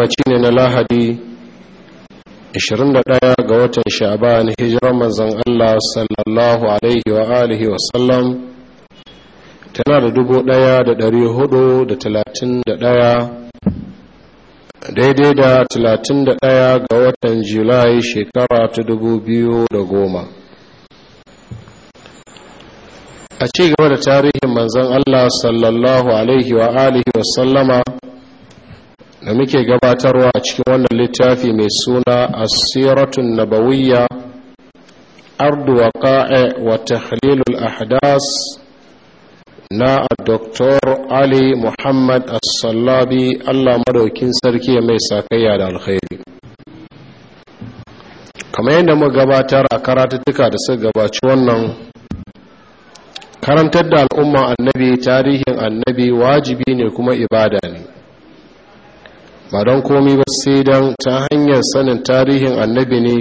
yammaci ne na lahadi 21 ga watan sha'ban hijiran manzan Allah sallallahu alaihi wa alihi wa sallam tana da dubu ɗaya da dari hudu da talatin da ɗaya daidai da talatin da ɗaya ga watan julai shekara ta dubu biyu da goma a cigaba da tarihin manzan Allah sallallahu alaihi wa alihi wa sallama da muke gabatarwa a cikin wannan littafi mai suna asiratun nabawiyya ardu ka'e wa halilul ahdas na a Doktor Ali Muhammad asallabi Allah madaukin sarki mai sakayya da alkhairi kamar yadda mu gabatar a karatuttuka da suka gabaci wannan karantar da al'umma annabi tarihin annabi wajibi ne kuma ibada ne ba don komi ba sai don ta hanyar sanin tarihin annabi ne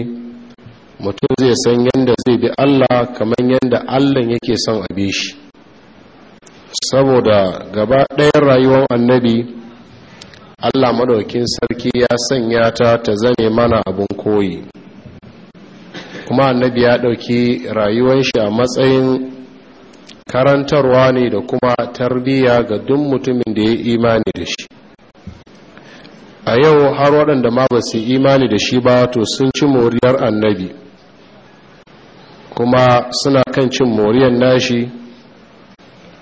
mutum zai san yadda zai bi allah kamar yadda allah yake son abi shi saboda gaba ɗayan rayuwar annabi allah maɗaukin sarki ya sanya ta ta zane mana abin koyi kuma annabi ya ɗauki rayuwar shi a matsayin karantarwa ne da kuma tarbiyya ga duk mutumin da ya imani da shi a yau har waɗanda ma ba su imani da shi ba to sun ci moriyar annabi kuma suna kan cin moriyar nashi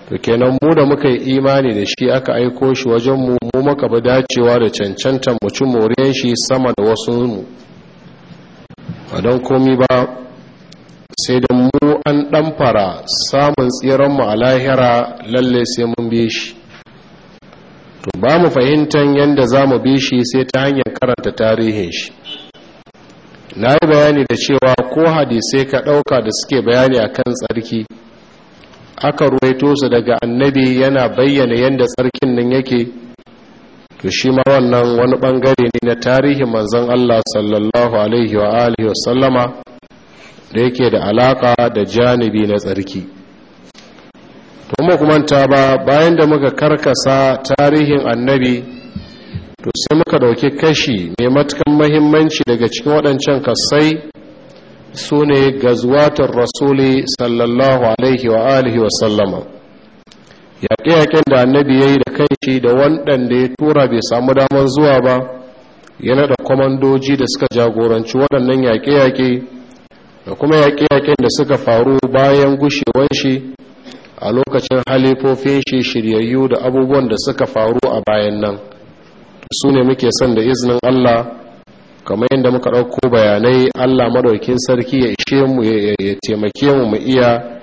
to kenan mu da muka yi imani da shi aka aiko shi wajen mu mu maka bi dacewa da cancanta mu ci moriyar shi sama da wasu mu A don komi ba sai da mu an ɗamfara samun mu a lahira lalle sai mun bi shi to ba mu fahimtar yadda za mu bi shi sai ta hanyar karanta tarihin shi na yi bayani da cewa ko hadisai ka ɗauka da suke bayani a kan tsarki aka ruwaito su daga annabi yana bayyana yadda tsarkin nan yake to shi ma wannan wani ɓangare ne na tarihin manzon allah sallallahu alaihi wa alihi wasallama da yake da alaka da janibi na tsarki to mu kuma ta ba bayan da muka karkasa tarihin annabi to sai muka dauki kashi mai matukan mahimmanci daga cikin waɗancan kasai su ne gazwatar rasuli sallallahu alaihi wa alihi wa sallama yaƙe-yaƙen da annabi ya yi da kanshi da waɗanda ya tura bai samu damar zuwa ba yana da kwamandoji da suka jagoranci waɗannan yaƙe-yaƙe da kuma yaƙe-yaƙen da suka faru bayan gushewan shi a lokacin halifofin shi shiryayyu da abubuwan da suka faru a bayan nan su ne muke son da izinin Allah kamar yadda muka ɗauko bayanai Allah maɗaukin sarki ya ishe mu ya taimake mu mu iya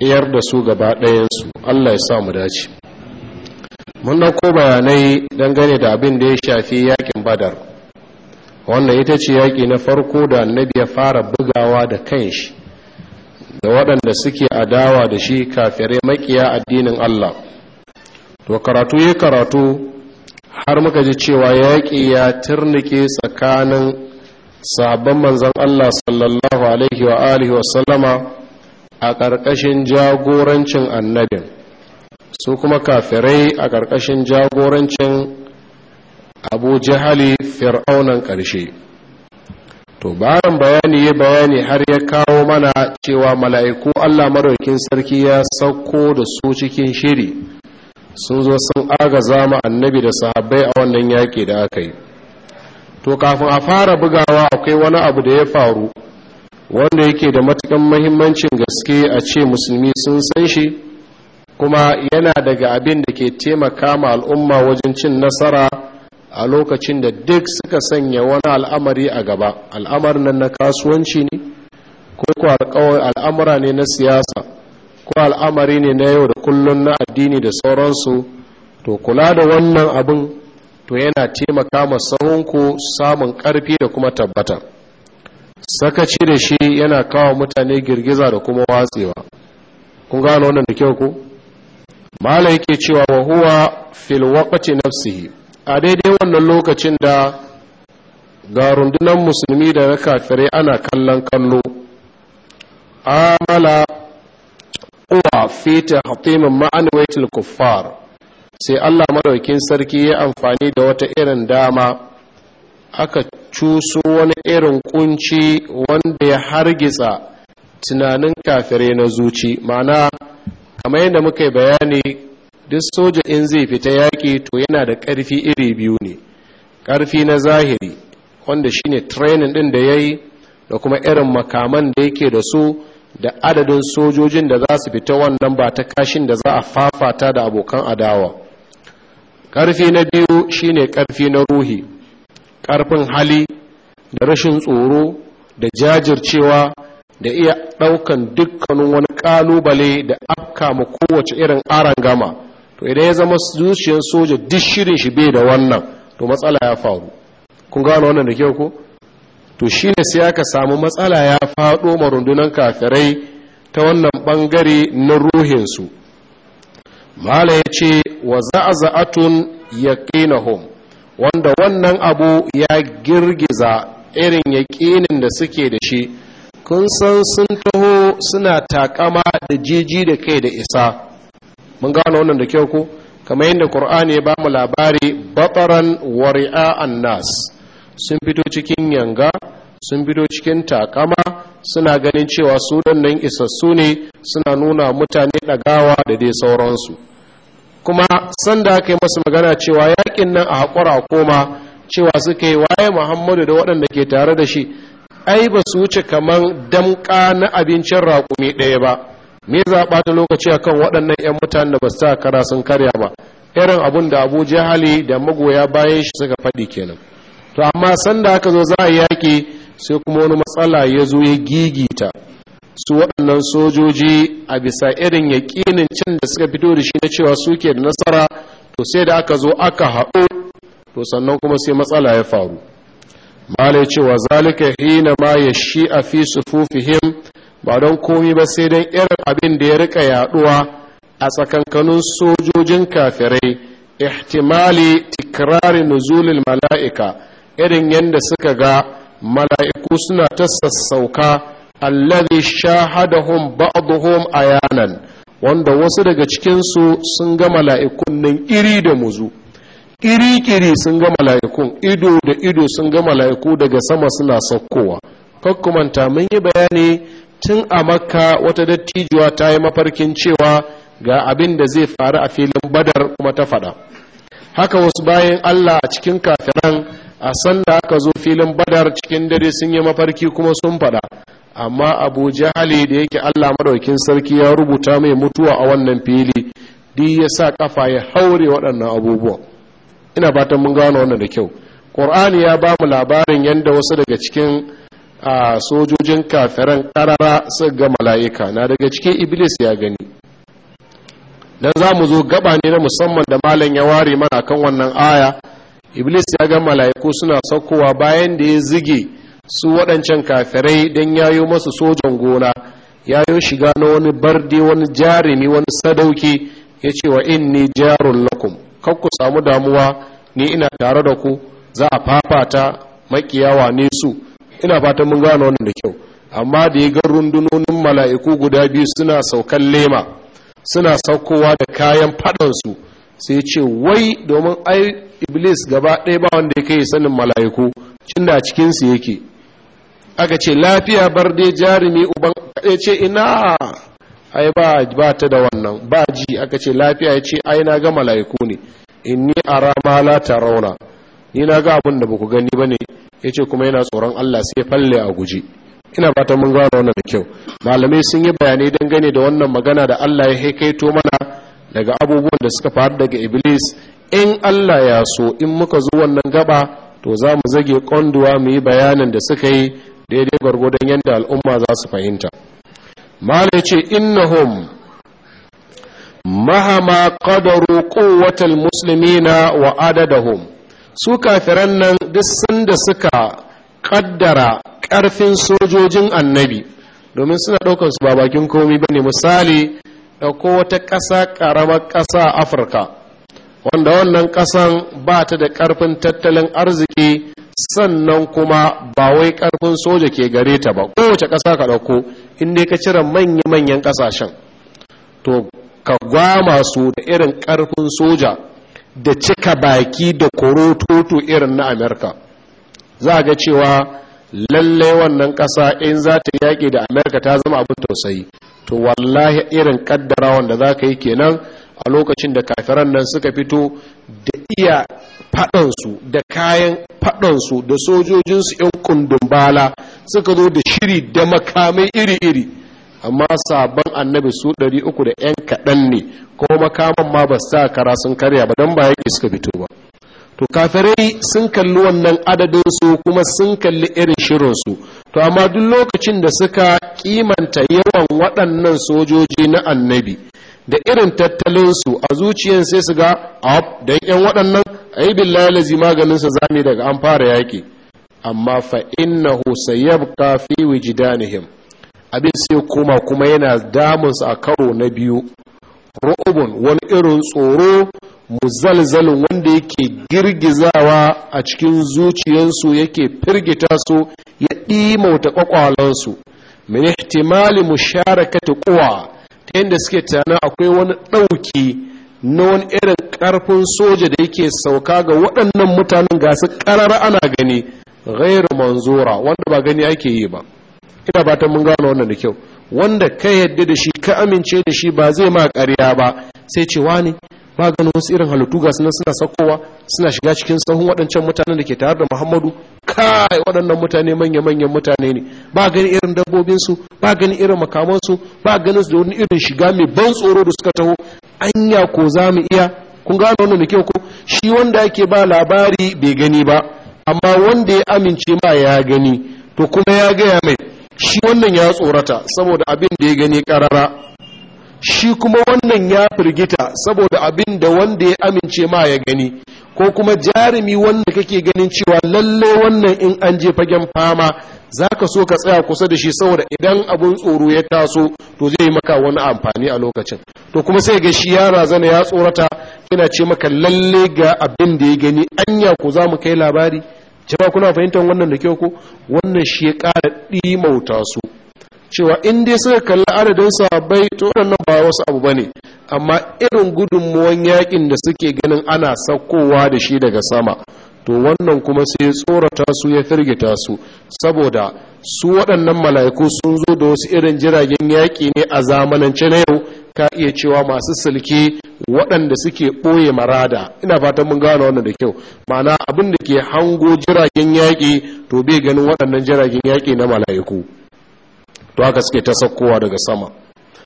iyar da su gaba ɗayansu Allah ya sa mu dace mun ɗauko bayanai dangane da abin da ya shafi yakin badar wannan ita ce yaƙi na farko da annabi ya fara bugawa da kanshi da waɗanda suke adawa da shi kafirai makiya addinin Allah to karatu ya karatu har muka ji cewa yaƙi ya turnike tsakanin sabon manzan Allah sallallahu alaihi wa alihi wa sallama a ƙarƙashin jagorancin annabin su kuma kafirai a ƙarƙashin jagorancin abu jihali fir'aunan ƙarshe to bayan bayani ya bayani har ya kawo mana cewa mala'iku Allah maraukin sarki ya sauko da su cikin shiri sun zo sun agaza mu annabi da sahabbai a wannan yaƙi da aka yi to kafin a fara bugawa akwai wani abu da ya faru wanda yake da matukan mahimmancin gaske a ce musulmi sun san shi kuma yana daga abin da ke taimaka ma al'umma wajen cin nasara a lokacin da duk suka sanya wani al'amari a gaba al'amar nan na kasuwanci ne ko alƙawar al'amura ne na siyasa ko al'amari ne na yau da kullum na addini da sauransu to kula da wannan abin to yana taimaka masahunku samun ƙarfi da kuma tabbata sakaci da shi yana kawo mutane girgiza da kuma watsewa kun gano wannan da kyau ko mala yake cewa wa huwa fil waqti nafsihi a daidai wannan lokacin da ga rundunan musulmi da na kafirai ana kallon kallo amala uwa fita hatimin ma'anawaitul kuffar sai allah maɗaukin sarki ya amfani da wata irin dama aka cuso wani irin kunci wanda ya hargitsa tunanin kafirai na zuci ma'ana kamar yadda muka yi bayani duk soja in zai fita yaƙi to yana da ƙarfi iri biyu ne ƙarfi na zahiri wanda shine training ɗin da ya yi da kuma irin makaman da yake da su da adadin sojojin da za su fita wannan ba ta kashin da za a fafata da abokan adawa ƙarfi na biyu shine ƙarfi na ruhi ƙarfin hali da rashin tsoro da jajircewa da iya ɗaukan dukkanin wani ƙalubale da afka ma kowace irin aran gama to idan ya zama zuciyar soja duk shirin shi bai da wannan to matsala ya faru kun gano wannan da kyau ko to shi ne sai aka samu matsala ya faɗo ma rundunar kafirai ta wannan ɓangare na ruhinsu mala ya ce wa za'aza'atun yaqinahum wanda wannan abu ya girgiza irin yaƙinin da suke da shi kun san sun taho suna takama da jeji da kai da isa mun gano wannan da kyau ko kamar yadda qur'ani ya bamu labari bataran wari'a annas sun fito cikin yanga sun fito cikin takama suna ganin cewa su nan isassu ne suna nuna mutane dagawa da dai sauransu kuma sanda aka yi masu magana cewa yakin nan a haƙura koma cewa suka yi waye muhammadu da waɗanda ke tare da shi ai ba su wuce kaman damƙa na abincin raƙumi ɗaya ba me za a ɓata lokaci akan waɗannan 'yan mutanen da ba su kara sun karya ba irin abun da abu hali da magoya bayan shi suka faɗi kenan to amma sanda aka zo za a yaƙi sai kuma wani matsala ya zo ya gigita su waɗannan sojoji a bisa irin yaƙinin can da suka fito da shi na cewa suke da nasara to sai da aka zo aka haɗu to sannan kuma sai matsala ya faru malai cewa zalika hina ma ya shi a fi sufufihim ba don komi ba sai don irin abin da ya rika yaduwa a tsakankanin sojojin kafirai ihtimali tikrari nuzulil mala'ika irin yadda suka ga mala'iku suna ta sassauka allazi shahadahum a ayanan wanda wasu daga cikinsu sun ga mala'ikun nan iri da muzu iri-kiri sun ga mala'ikun ido da ido sun ga mala'iku daga sama suna saukowa kakkumanta mun yi bayani tun a makka wata dattijuwa ta yi mafarkin cewa ga abin da zai faru a filin badar kuma ta faɗa haka wasu bayan allah a cikin kafiran a san da aka zo filin badar cikin dare sun yi mafarki kuma sun faɗa amma abu jahali da yake allah madaukin sarki ya rubuta mai mutuwa a wannan fili duk ya sa kafa ya haure waɗannan abubuwa ina fatan mun gano wannan da kyau ƙur'ani ya ba mu labarin yadda wasu daga cikin a sojojin kafiran karara su ga mala'ika na daga cikin iblis ya gani dan za mu zo gaba ne na musamman da malam ya ware mana kan wannan aya iblis ya ga mala'iku suna saukowa bayan da ya zige su waɗancan kafirai don yayo masu sojan gona yayo shiga na wani barde wani jarumi wani sadauki ya ce wa ni jarun lakum kan ku samu damuwa ni ina tare da ku za a fafata makiyawa ne su ina fatan mun gano wannan da kyau amma da ya ga rundunonin mala'iku guda biyu suna saukan lema suna saukowa da kayan fadansu sai ce wai domin ai iblis gaba ɗaya ba wanda ya kai sanin mala'iku cin da cikinsu yake aka ce lafiya bar dai jarumi uban ya ce ina ai ba ta da wannan ba ji aka ce lafiya ya ce ai na ga mala'iku ne inni ara ma la tarawna ni na ga abin da baku gani bane ya ce kuma yana tsoron Allah sai falle a guji ina ta mun gano wannan da kyau malamai sun yi bayanai dangane da wannan magana da Allah ya haikaito mana daga abubuwan da suka faru daga iblis in Allah ya so in muka zo wannan gaba to za mu zage konduwa mu yi bayanin da suka yi daidai gwargwadon yadda al'umma za su fahimta mala ce innahum mahama qadaru quwwatal muslimina wa adadahum su kafiran nan duk sanda suka kaddara ƙarfin sojojin annabi domin suna ɗaukar su ba bakin komi ba ne misali ɗauko wata ƙasa ƙaramar ƙasa a afirka wanda wannan ƙasan ba ta da ƙarfin tattalin arziki sannan kuma ba wai ƙarfin soja ke gare ta ba kowace ƙasa ka ɗauko inda ka cire manya-manyan ƙasashen to ka gwama su da irin ƙarfin soja da cika baki da korototo irin na amerika za a ga cewa lallai wannan ƙasa in za ta yaƙi da amerika ta zama abin tausayi to wallahi irin ƙaddarawan wanda za ka yi kenan a lokacin da kafiran nan suka fito da iya faɗansu da kayan faɗansu da sojojinsu 'yan kundin bala suka zo da shiri da makamai iri-iri amma sabon annabi su 300 da 'yan kaɗan ne ko makaman ma ba sa kara sun karya ba don ba ya ƙi suka fito ba to kafirai sun kalli wannan adadinsu kuma sun kalli irin shirinsu to amma duk lokacin da suka kimanta yawan waɗannan sojoji na annabi da irin tattalinsu a zuciyan sai su ga ab don yan waɗannan ai billahi lazi sa zami daga an fara yaƙi amma fa innahu sayyabqa fi wijdanihim abin sai kuma kuma yana damunsa a karo na biyu ru'ubun wani irin tsoro muzalzalin wanda yake girgizawa a cikin zuciyarsu yake firgita su ya ɗimauta ƙwaƙwalansu min ihtimali musharakati kuwa, ta yadda suke tana akwai wani ɗauki na wani irin ƙarfin soja da yake sauka ga waɗannan mutanen gasu ƙarar ana gani gairu manzura wanda ba gani ake yi ba ina batan mun gano wannan da kyau wanda ka yadda da shi ka amince da shi ba zai ma ƙarya ba sai ce ne ba ganin wasu irin halittu ga sunan suna sakowa suna shiga cikin sahun waɗancan mutanen da ke tare da muhammadu kai waɗannan mutane manya-manyan mutane ne ba gani irin dabbobinsu ba ganin irin makamansu ba ganin su da wani irin shiga mai ban tsoro da suka taho anya ko za mu iya kun gano wannan da kyau ko shi wanda yake ba labari bai gani ba amma wanda ya amince ma ya gani to kuma ya gaya mai shi wannan ya tsorata saboda abin da ya gani karara shi kuma wannan ya firgita saboda abin da wanda ya amince ma ya gani ko kuma jarumi wanda kake ganin cewa lalle wannan in an je fagen fama za ka so ka tsaya kusa da shi saboda idan abin tsoro ya taso to zai yi maka wani amfani a lokacin to kuma sai ga shi ya razana ya tsorata yana ce maka lalle ga abin da ya gani anya ku za mu kai labari jama'a kuna fahimtar wannan da kyau ko wannan shi ya ƙara ɗimauta su cewa in dai suka kalli adadin sabai to wannan ba wasu abu ba ne. amma irin gudunmuwan yakin da suke ganin ana saukowa da shi daga sama to wannan kuma sai ya tsorata su ya firgita su saboda su waɗannan mala'iku sun zo da wasu irin jiragen yaƙi ne a zamanance na yau ka iya cewa masu silki. waɗanda suke ɓoye marada ina fatan mun gane wannan da kyau ma'ana abin da ke hango jiragen yaƙi to bai ganin waɗannan jiragen yaƙi na mala'iku to haka suke ta saukowa daga sama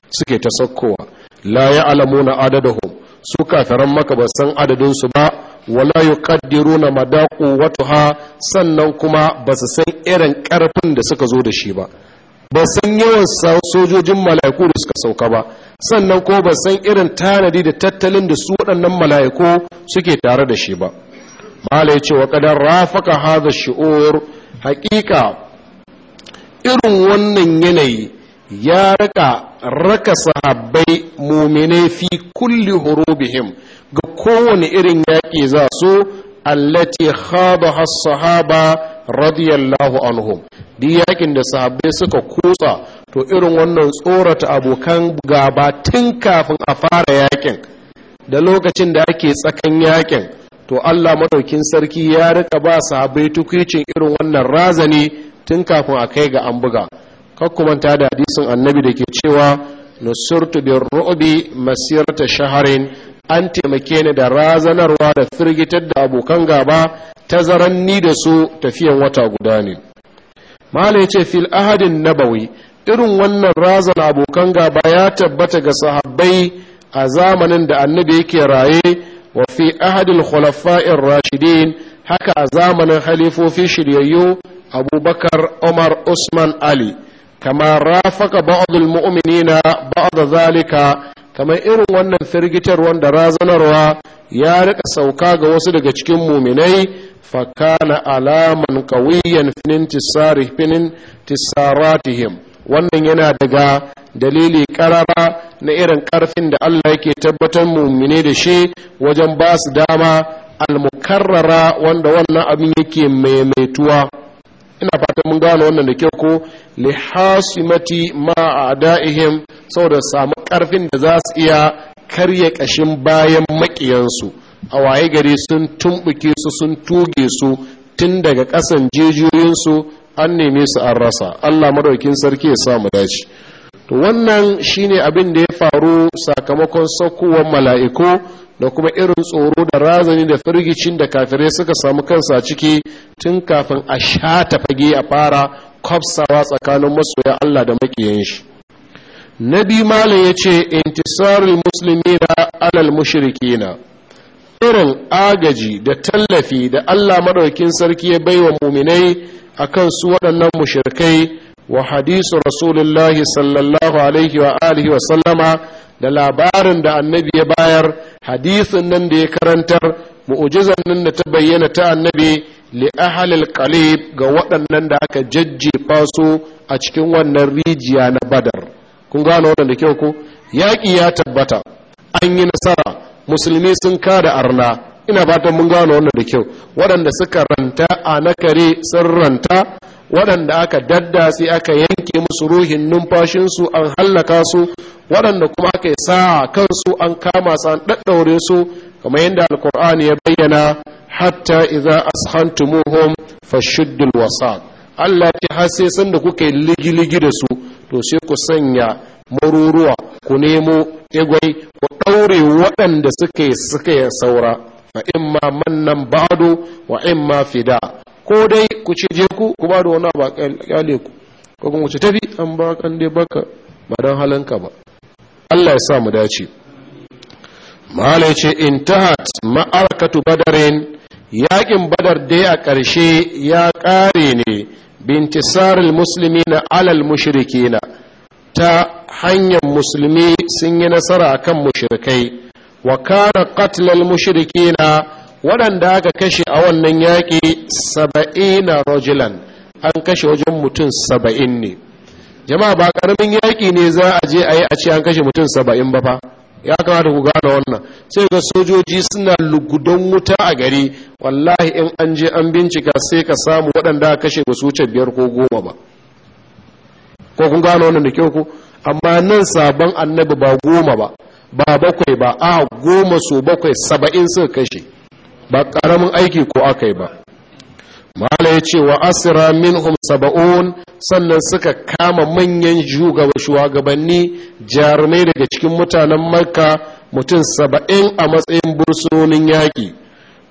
suke ta saukowa la na adadahum su kafiran maka ba san adadin su ba wala yuqaddiruna madaqu ha sannan kuma ba su san irin karfin da suka zo da shi ba ba san yawan sojojin mala'iku da suka sauka ba sannan ko ba san irin tanadi da tattalin da su waɗannan mala'iku suke tare da shi ba mala ya ce wa kadan rafaka haza shi'ur haƙiƙa irin wannan yanayi ya raka raka sahabbai muminai fi kulli hurubihim ga kowane irin yaƙi za su allati khaba sahaba radiyallahu anhum di yakin da sahabbai suka kutsa to irin wannan tsorata abokan gaba tun kafin a fara yakin da lokacin da ake tsakan yakin to Allah madaukin sarki ya rika ba sahabbai tukwicin irin wannan razani tun kafin a kai ga an buga kakkumanta da hadisin annabi da ke cewa nusurtu bin ru'bi masirata shaharin an taimake ni da razanarwa da firgitar da abokan gaba tazaran ni da su tafiyan wata guda ne malai ce fil ahadin nabawi irin wannan razan abokan gaba ya tabbata ga sahabbai a zamanin da annabi yake raye wa fi ahadil khulafa'ir rashidin haka a zamanin halifofi shiryayyo abubakar umar usman ali kama rafaka ba'dul mu'minina ba'd zalika kamar irin wannan firgitar wanda razanarwa ya rika sauka ga wasu daga cikin muminai fakana alaman qawiyan finin tisarihim wannan yana daga dalili karara na irin karfin da Allah yake tabbatar mumine da shi wajen ba su dama almukarrara wanda wannan abin yake maimaituwa ina fatan mun gano wannan da kyau ko li hasimati ma adaihim saboda samu karfin da za su iya karya kashin bayan maƙiyansu, a waye gari sun tumbuke su sun tuge su tun daga kasan jejiyoyinsu an neme su an rasa allah maɗaukin sarki ya samu dace to wannan shine abin da ya faru sakamakon saukowar mala'iku da kuma irin tsoro da razani da firgicin da kafirai suka samu kansa ciki tun kafin a ta fage a fara kwafsawa tsakanin masoya allah da makiyan shi na biyu malam ya ce intisarul musulmi na alal mushrikina irin agaji da tallafi da allah maɗaukin sarki ya baiwa muminai akan su waɗannan mushirkai wa hadisu rasulullahi sallallahu alaihi wa alihi wa sallama da labarin da annabi ya bayar hadisin nan da ya karantar mu'ujizan nan da ta bayyana ta annabi li ahlil qalib ga waɗannan da aka jajjefa su a cikin wannan rijiya na badar kun gano wannan da kyau ko yaƙi ya tabbata an yi nasara musulmi sun kada arna ina fatan mun gano wannan da kyau waɗanda suka ranta a nakare sun ranta waɗanda aka dadda aka yanke musu ruhin numfashinsu an hallaka su waɗanda kuma aka yi sa kansu an kama su an ɗaɗɗaure su kamar yadda alkur'ani ya bayyana hatta idza ashantumuhum fashuddul wasa Allah ce har sai sanda kuka yi ligiligi da su to sai ku sanya maruruwa ku nemo igwai ku ɗaure waɗanda suka yi suka saura fa nan mannan ba'du wa in ma fida ko dai ku ce je ku ku ba da wani ba kyale ku ko kuma ce tafi an ba kan dai baka ba dan halanka ba Allah ya sa mu dace mala ce tahat ma'arakatu badarin yakin badar dai a ƙarshe ya ƙare ne bintisarul na alal mushrikina ta hanyar musulmi sun yi nasara kan mushrikai wa kana qatlal mushrikina waɗanda aka kashe a wannan yaƙi saba'ina rajulan an kashe wajen mutum saba'in ne jama'a ba ƙaramin yaƙi ne za a je a yi a ce an kashe mutum saba'in ba fa ya kamata ku gane wannan sai ga sojoji suna lugudan wuta a gari wallahi in an je an bincika sai ka samu waɗanda aka kashe ba su wuce biyar ko goma ba ko kun gane wannan da kyau ku amma nan sabon annabi ba goma ba ba bakwai ba a goma so bakwai saba'in suka kashe ba ƙaramin aiki ko aka yi ba mala ya ce wa asira minhum saba'un sannan suka kama manyan shugabanni jarumai daga cikin mutanen makka mutum saba'in a matsayin bursunonin yaƙi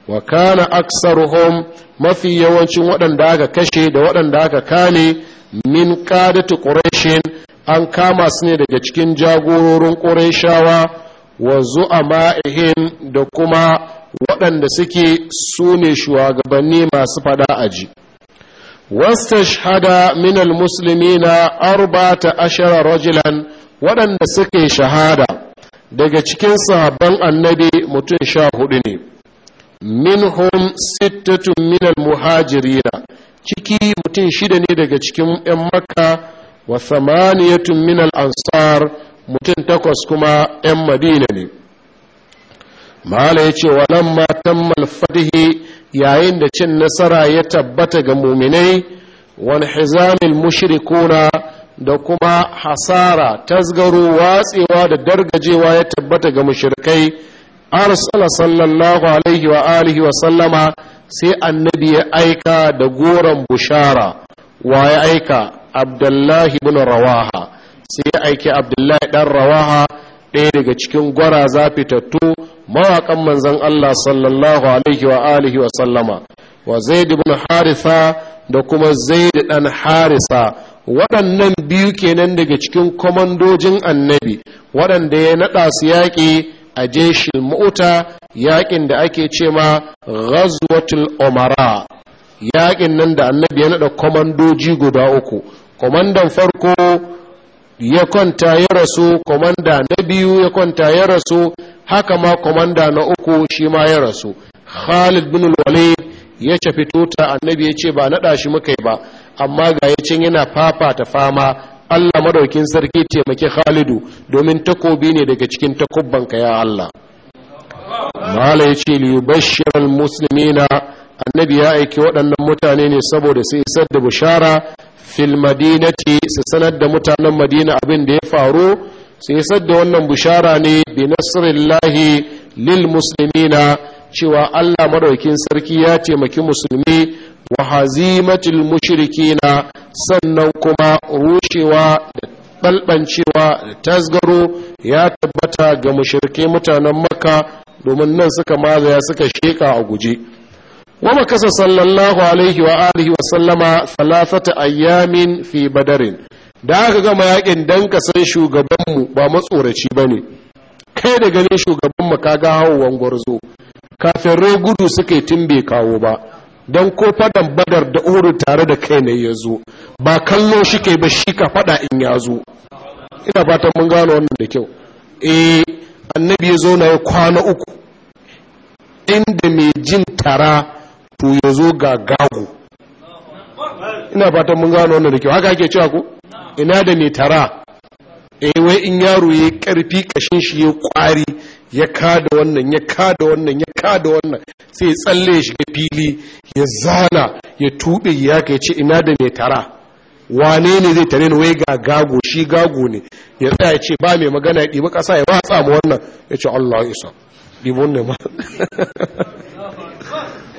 wa kana aksaruhum mafi yawancin waɗanda aka kashe da waɗanda aka kane min qadatu quraishin an kama su ne daga cikin jagororin ƙorashawa wa zu'ama'ihim da kuma waɗanda suke su ne shugabanni masu fada aji wastashhada na na arba'ata ashara rajulan waɗanda suke shahada daga cikin sahabban annabi mutum sha hudu ne minhum sittatun minal muhajirina ciki mutum shida ne daga cikin 'yan makka wa samaniyatun min ansar mutum takwas kuma 'yan madina ne mala ya ce walamma matan fatihi yayin da cin nasara ya tabbata ga muminai wani hizamin mushrikuna da kuma hasara tasgaro watsewa da dargajewa ya tabbata ga mushrikai arsala sallallahu alaihi wa alihi wa sallama sai annabi ya aika da goron bushara wa ya aika abdullahi bin rawaha sai ya aiki abdullahi dan rawaha ɗaya daga cikin gwara gwaraza fitattu mawaƙan manzon Allah sallallahu alaihi wa alihi wa sallama wa zaid ibn haritha da kuma zaid dan harisa waɗannan biyu kenan daga cikin komandojin annabi waɗanda ya naɗa su yaƙi a jeshin muta yaƙin da ake ce ma ghazwatul umara yaƙin nan da annabi ya naɗa kwamandoji guda uku kwamandan farko ya kwanta ya rasu kwamanda na biyu ya kwanta ya rasu haka ma kwamanda na uku shi ma ya rasu khalid bin walid ya ce fito ta annabi ya ce ba naɗa shi muka ba amma ga ya yana ta fama Allah maɗaukin sarki taimaki Khalidu domin takobi ne daga cikin takubbanka ya Allah. Mala ya ce liyubashir bashirar muslimina annabi ya aiki waɗannan mutane ne saboda su isar da bushara fil madinati su sanar da mutanen madina abin da ya faru su isar da wannan bushara ne bi nasrillahi lil muslimina cewa Allah maraukin sarki ya taimaki musulmi wa hazimatil mushrikina sannan kuma rushewa da balbancewa da tasgaro ya tabbata ga mushrike mutanen makka domin nan suka mazaya suka sheka a guje wa kasa sallallahu alaihi wa alihi wa sallama salasata ayyamin fi badarin da aka gama yakin dan ka san shugabanmu ba matsoraci ne. kai da ganin shugabanmu ka ga hawan gwarzo kafirai gudu suka yi tun bai kawo ba don ko fadan badar da uru tare da kai ne ya zo ba kallo shi kai ba shi ka fada in ya zo ina fatan mun gano wannan da kyau eh annabi ya zo na kwana uku inda mai jin tara to ya zo ga gagu ina fatan mun gano wannan da kyau haka ake cewa ko ina da mai tara eh wai in yaro ya karfi kashin shi ya kwari ya kada wannan ya kada wannan ya kada wannan sai ya tsalle ya shiga fili ya zana ya tube ya ka ce ina da mai tara wane ne zai tare ni wai ga gago shi gago ne ya tsaya ce ba mai magana ya ɗibi ƙasa ya ba tsamu wannan ya ce Allah isa ɗibi wannan ma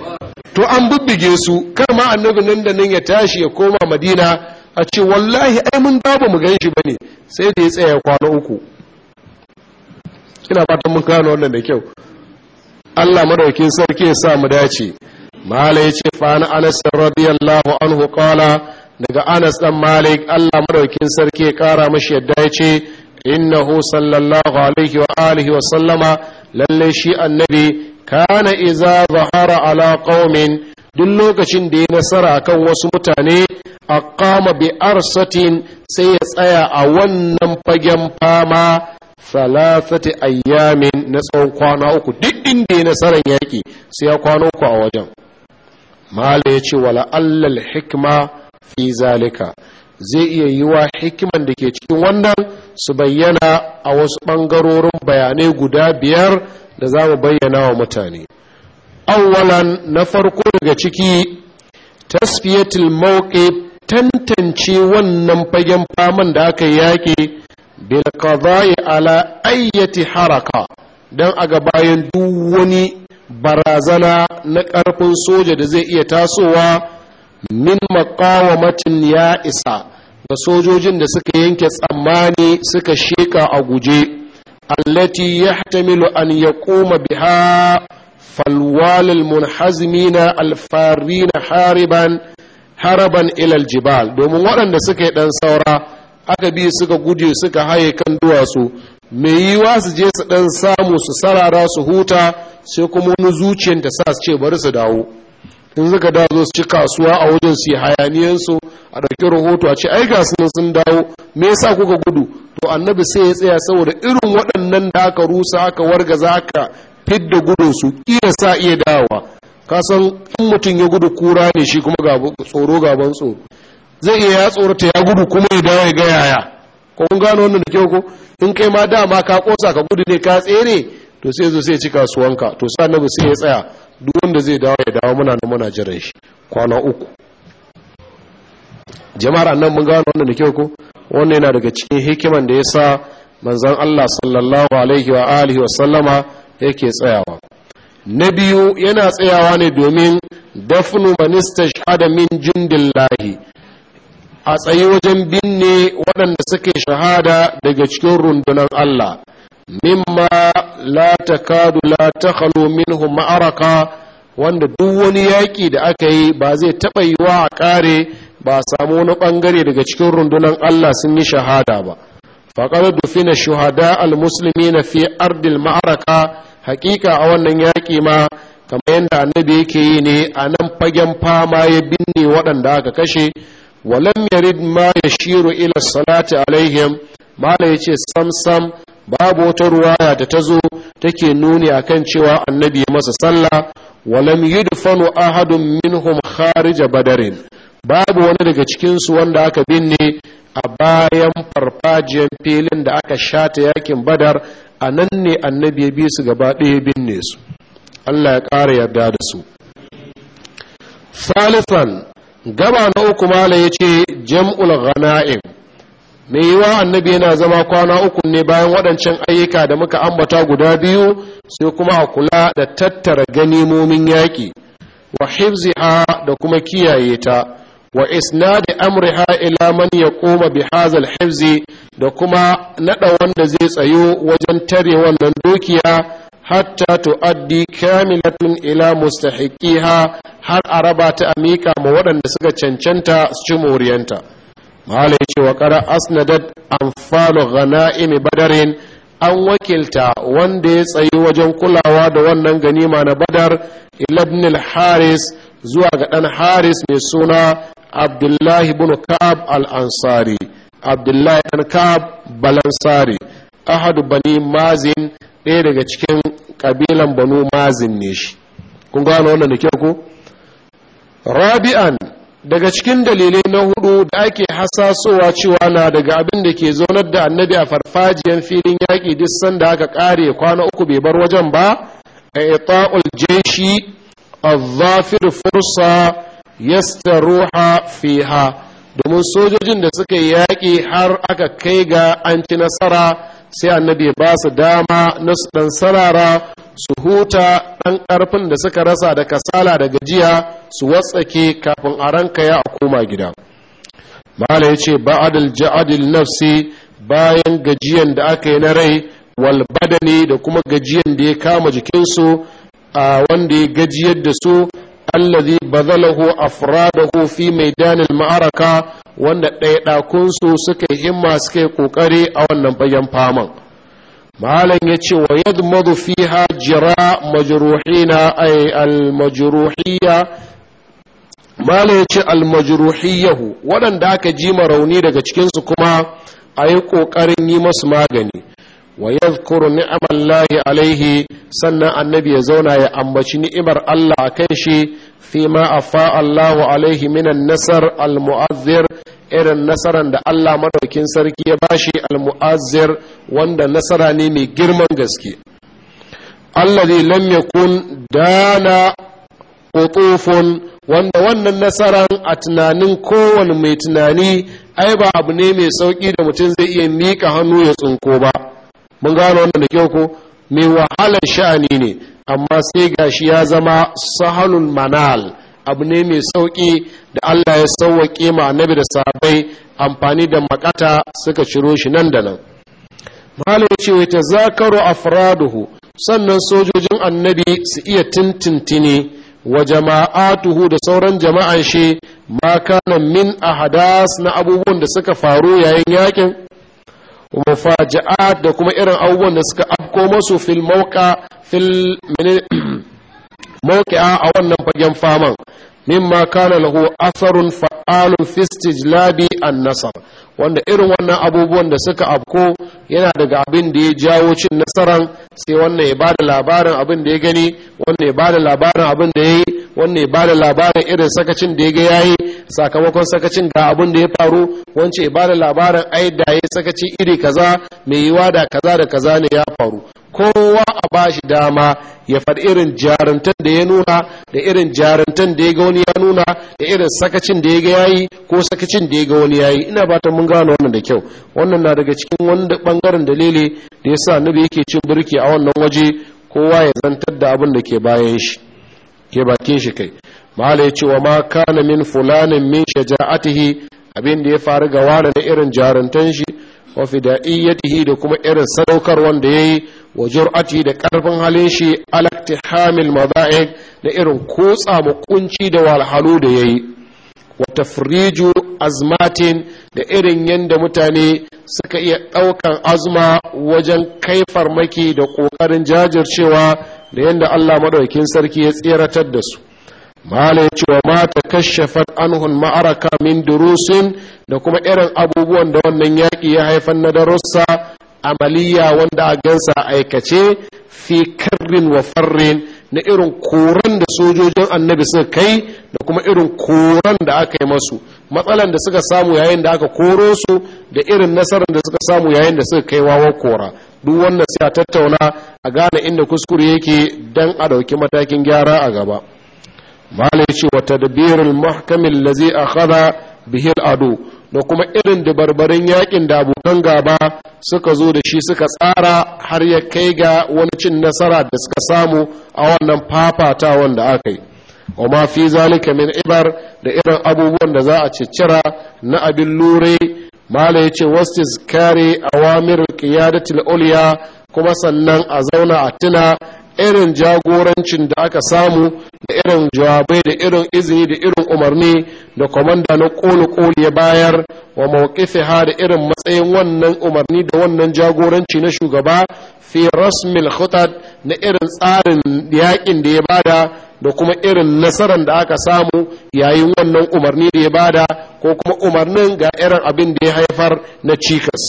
to an bubbuge su kar ma annabi nan da nan ya tashi ya koma madina a ce wallahi ai mun ba mu gan shi ba ne sai da ya tsaya kwana uku ina fatan mun kano wannan da kyau allah madaukin sarki ya sa mu dace malai ya ce na anas radiyallahu anhu qala daga anas dan malik allah madaukin sarki ya kara mashi yadda ya ce innahu sallallahu alaihi wa alihi wa sallama lalle shi annabi kana iza zahara ala qaumin duk lokacin da ya nasara kan wasu mutane kama bi arsatin sai ya tsaya a wannan fagen fama salasati ayyamin na tsawon kwana uku duk inda ya nasarar yaƙi sai ya kwana uku a wajen mala ya ce wala allal hikma fi zalika zai iya yi wa hikiman da ke cikin wannan su bayyana a wasu ɓangarorin bayanai guda biyar da za mu bayyana wa mutane awwalan na farko daga ciki tasfiyatul mawqif tantance wannan fagen faman da aka yi yaƙi bil qada'i ala ayyati haraka dan a bayan duk wani barazana na ƙarfin soja da zai iya tasowa min maqawamatin ya isa ga sojojin da suka yanke tsammani suka sheka a guje allati yahtamilu أن يقوم biha فالوال المنحزمين alfarina حاربا haraban إلى الجبال domin waɗanda suka yi ɗan saura aka bi suka guje suka haye kan duwatsu mai wa su je su ɗan samu su sarara su huta sai kuma wani zuciyar da sa su ce bari su dawo in suka dawo su ci kasuwa a wajen su hayaniyansu a ɗauki rahoto a ce ai ga sun sun dawo me yasa kuka gudu to annabi sai ya tsaya saboda irin waɗannan da aka rusa aka warga za ka fidda gudunsu iya sa iya dawa kasan in mutum ya gudu kura ne shi kuma tsoro gaban tsoro zai iya ya tsorata ya gudu kuma ya dawo ya ga yaya ko kun gano wannan da kyau ko in kai ma dama ka kosa ka gudu ne ka tsere to sai zo sai ci kasuwanka to sa annabi sai ya tsaya duk wanda zai dawo ya dawo muna nan muna jiran shi kwana uku jama'ar annan mun gano wannan da kyau ko wannan yana daga cikin hikiman da yasa manzon Allah sallallahu alaihi wa alihi wa sallama yake tsayawa na biyu yana tsayawa ne domin dafnu man istashhada min jundillahi a tsayi wajen binne waɗanda suke shahada daga cikin rundunar Allah mimma la takadu la takhalu minhu ma'araka wanda duk wani yaƙi da aka yi ba zai taɓa yiwa a ƙare ba a samu wani ɓangare daga cikin rundunar Allah sun yi shahada ba faƙar dufina shahada al-musulmi na fi ardil ma'araka hakika a wannan yaƙi ma kamar yadda annabi yake yi ne a nan fagen fama ya binne waɗanda aka kashe walam yarid ma ya shiru ila salati alaihim mala ya ce samsam babu wata ruwaya da ta zo take nuni akan cewa annabi ya masa sallah walam yudfanu ahadun minhum kharija badarin babu wani daga cikinsu wanda aka binne a bayan farfajiyar filin da aka shata yakin badar a nan ne annabi ya bi su gaba ɗaya binne su allah ya ƙara yarda da su salifan gaba na uku mala ya ce jam'ul ghana'im mai yiwa annabi yana zama kwana uku ne bayan waɗancan ayyuka da muka ambata guda biyu sai kuma a kula da tattara ganimomin yaƙi wa hibziha da kuma kiyaye ta wa isnad amriha ila man yaquma bi hazal da kuma nada wanda zai tsayo wajen tare wannan dukiya hatta tu'addi kamilatun ila mustahiqiha har a raba ta a ma waɗanda suka cancanta su ci moriyanta mahala ya ce wa ƙara asnadat anfalu ghana'imi badarin an wakilta wanda ya tsayi wajen kulawa da wannan ganima na badar ilabnil haris zuwa ga ɗan haris mai suna abdullahi bunu kab al-ansari abdullahi bin kab balansari ahadu bani mazin ɗaya daga cikin ƙabilan banu mazin ne shi kun gano wannan da kyau ko rabi'an daga cikin dalilai na hudu da ake hasasowa cewa na daga abin da ke zaunar da annabi a farfajiyan filin yaƙi duk sanda aka ƙare kwana uku bai bar wajen ba a ita'ul jeshi a zafir fursa yastaruha fiha domin sojojin da suka yi yaƙi har aka kai ga an ci nasara sai annabi ya ba su dama na su ɗan sarara su huta ɗan ƙarfin da suka rasa da kasala da gajiya su watsake kafin a ranka ya a koma gida mala ya ce ba'adil nafsi bayan gajiyan da aka yi na rai wal badani da kuma gajiyan da ya kama jikinsu a wanda ya gajiyar da su allazi bazalahu afradahu fi maidanil ma'araka wanda ɗaiɗakunsu suka yi himma suka yi ƙoƙari a wannan fagen faman malam ya ce wa yadmadu fiha jira majruhina ay al majruhiyya malam ya ce al majruhiyahu waɗanda aka ji rauni daga cikinsu kuma a yi ƙoƙarin yi masu magani wa yadhkuru lahi alaihi sannan annabi ya zauna ya ambaci ni'imar Allah akan shi fi ma afa Allahu alaihi minan nasar almu'azzir irin nasaran da Allah madaukin sarki ya bashi almu'azzir wanda nasara ne mai girman gaske alladhi lam yakun dana qutufun wanda wannan nasaran a tunanin kowane mai tunani ai ba abu ne mai sauƙi da mutum zai iya mika hannu ya tsinko ba mun gano wannan da kyau ko mai wahalar sha'ani ne amma sai gashi ya zama sahalun manal abu ne mai sauƙi da Allah ya sauwaƙe ma annabi da sahabbai amfani da makata suka ciro shi nan da nan malam ya ce ta zakaru afraduhu sannan sojojin annabi su iya tintintini wa jama'atuhu da sauran jama'an shi ma kana min ahadas na abubuwan da suka faru yayin yakin wa da kuma irin abubuwan da suka afko masu fil a wannan fagen faman mimma kana lahu asarun fa'alun fi istijlabi an-nasar wanda irin wannan abubuwan da suka afko yana daga abin da ya jawo cin nasaran sai wannan ya bada labarin abin da ya gani wannan ya bada labarin abin da ya yi wannan ya bada labarin irin sakacin da ya ga yayi sakamakon sakacin ga abin da ya faru wancan ya bada labarin ai da ya sakaci iri kaza mai yiwa da kaza da kaza ne ya faru kowa a ba shi dama ya faɗi irin jarantar da ya nuna da irin jarantar da ya ga wani ya nuna da irin sakacin da ya ga yayi ko sakacin da ya ga wani yayi ina ta mun gano wannan da kyau wannan na daga cikin wanda bangaren dalili da ya sa nabi yake cin birki a wannan waje kowa ya zantar da abin da ke bayan shi ke bakin shi kai mahala ya ce wa ma kana min fulanin min shaja'atihi abin da ya faru ga wani da irin jarantar shi wa fida'iyyatihi da kuma irin sadaukar wanda yayi wa jur'ati da karfin halin shi alaktihamil mada'ik da irin kotsa mu kunci da walhalu da yayi wa tafriju azmatin da irin yanda mutane suka iya daukan azma wajen kai farmaki da kokarin jajircewa da yanda Allah madaukakin sarki ya tsiratar da su mala cewa ce wa mata anhun ma'araka min durusin da kuma irin abubuwan da wannan yaƙi ya haifar na darussa amaliya wanda a gansa aikace fi karrin wa farrin na irin koran da sojojin annabi suka kai da kuma irin koran da aka yi masu matsalan da suka samu yayin da aka koro su da irin nasarar da suka samu yayin da suka kai wawa kora duk wannan sai a tattauna a gane inda kuskure yake dan a ɗauki matakin gyara a gaba malai ce wa tadbirul muhkamin lazi akhadha bihil adu da kuma irin dabarbarin yakin da abokan gaba suka zo da shi suka tsara har ya kai ga wani cin nasara da suka samu a wannan fafatawan da aka yi wa ma fi zalika min ibar da irin abubuwan da za a ciccira na abin lure mala yace wasu wastis kare awamir qiyadatul ulya kuma sannan a zauna a tuna irin jagorancin da aka samu da irin jawabai da irin izini da irin umarni da kwamanda na koli-koli ya bayar wa mawkifi ha da irin matsayin wannan umarni da wannan jagoranci na shugaba fi rasmil khutad na irin tsarin yakin da ya bada da kuma irin nasarar da aka samu yayin wannan umarni da ya bada ko kuma umarnin ga irin abin da ya haifar na cikas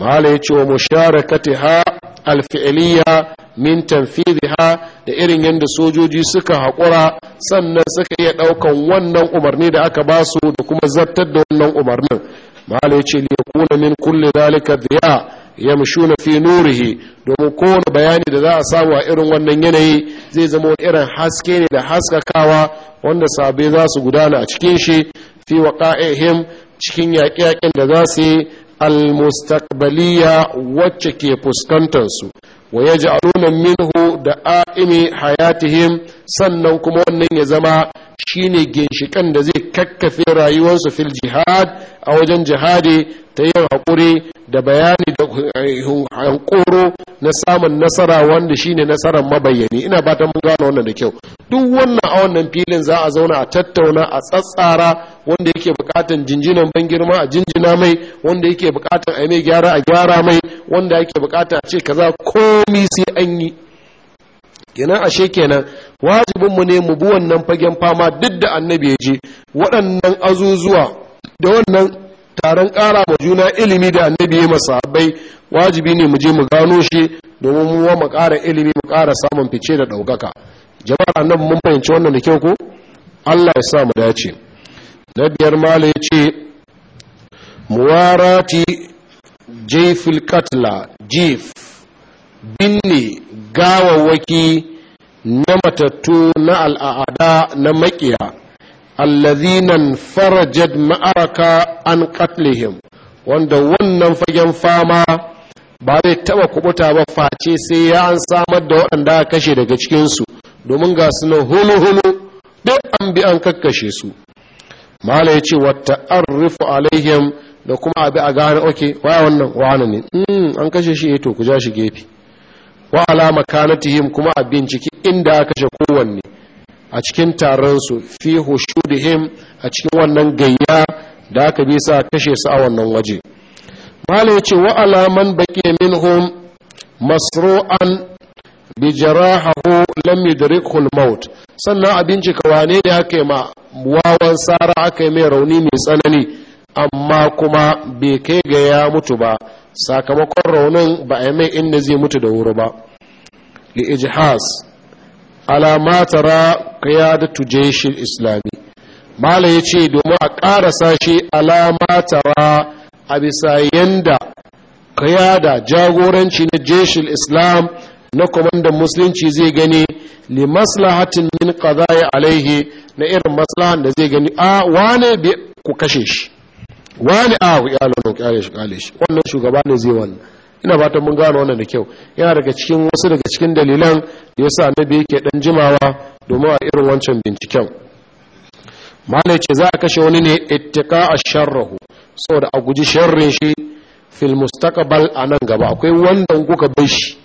mahala ya ce wa musharakati ha alfi'iliya min tanfidha da irin yadda sojoji suka haƙura sannan suka iya ɗaukan wannan umarni da aka ba su da kuma zartar da wannan umarnin mala ya ce liyakuna min kulli zalika dhiya yamshuna fi nurihi domin kowane bayani da za a samu a irin wannan yanayi zai zama irin haske ne da haskakawa wanda sabai za su gudana a cikin shi fi waqa'ihim cikin yaƙe-yaƙen da za su yi al-mustaqbaliya wacce ke fuskantar su ويجعلون منه دائم minhu da a'imi hayatihim sannan kuma wannan ya zama shine ginshikan da zai kakkafe rayuwarsu fil jihad a wajen jihadi ta yin haƙuri da bayani da hankoro na samun nasara wanda shine nasarar mabayyani ina ba ta mun gano wannan da kyau duk wannan a wannan filin za a zauna a tattauna a tsatsara wanda yake bukatan jinjinan ban girma a jinjina mai wanda yake bukatan a mai gyara a gyara mai wanda yake bukata a ce kaza komi sai an yi kenan ashe kenan wajibinmu ne mu bi wannan fagen fama duk da annabi ya je waɗannan azuzuwa da wannan taron ƙara ma juna ilimi da annabi ya masahabai wajibi ne muje mu gano shi domin mu wa mu ƙara ilimi mu ƙara samun fice da ɗaukaka jama'ar annabi mun fahimci wannan da kyau ko Allah ya sa mu dace na biyar mala ya ce muwarati jefil katla jef binne gawawwaki na matattu na al'ada na maƙiya. allazinan farajad ma'araka an qatlihim wanda wannan fagen fama ba zai taba kubuta ba face sai ya an samar da waɗanda aka kashe daga cikinsu domin ga su nan hulu-hulu duk an bi an kakkashe su mala ya ce wata an rufu alaihim da kuma abi a gane oke waya wannan wani ne an kashe shi to ku ja shi gefe wa alama kanatihim kuma a binciki inda aka kashe kowanne a cikin taronsu fi hushudihim a cikin wannan gayya da aka bi sa kashe su a wannan waje malai ya ce wa alaman baki minhum masru'an bi jarahahu lam yudrikhu al-maut sannan abin cikawa ne da aka yi ma wawan sara aka yi mai rauni mai tsanani amma kuma bai kai ga ya mutu ba sakamakon raunin ba a yi mai inda zai mutu da wuri ba li ijhas alamatara qiyadatu jaishil islami mala yace domin a ƙarasa shi alamatara a bisa yanda qiyada jagoranci na jaishil islam na kwamandan musulunci zai gani li maslahatin min qada'i alaihi na irin maslahan da zai gani a wane ku kashe shi wani a ku kyale shi kyale shi wannan shugaba ne zai wannan ina fatan mun gano wannan da kyau yana daga cikin wasu daga cikin dalilan da yasa bi yake dan jimawa domin a irin wancan binciken malai ce za a kashe wani ne ittiqa asharrahu saboda a guji sharrin shi fil mustaqbal a nan gaba akwai wanda kuka bar shi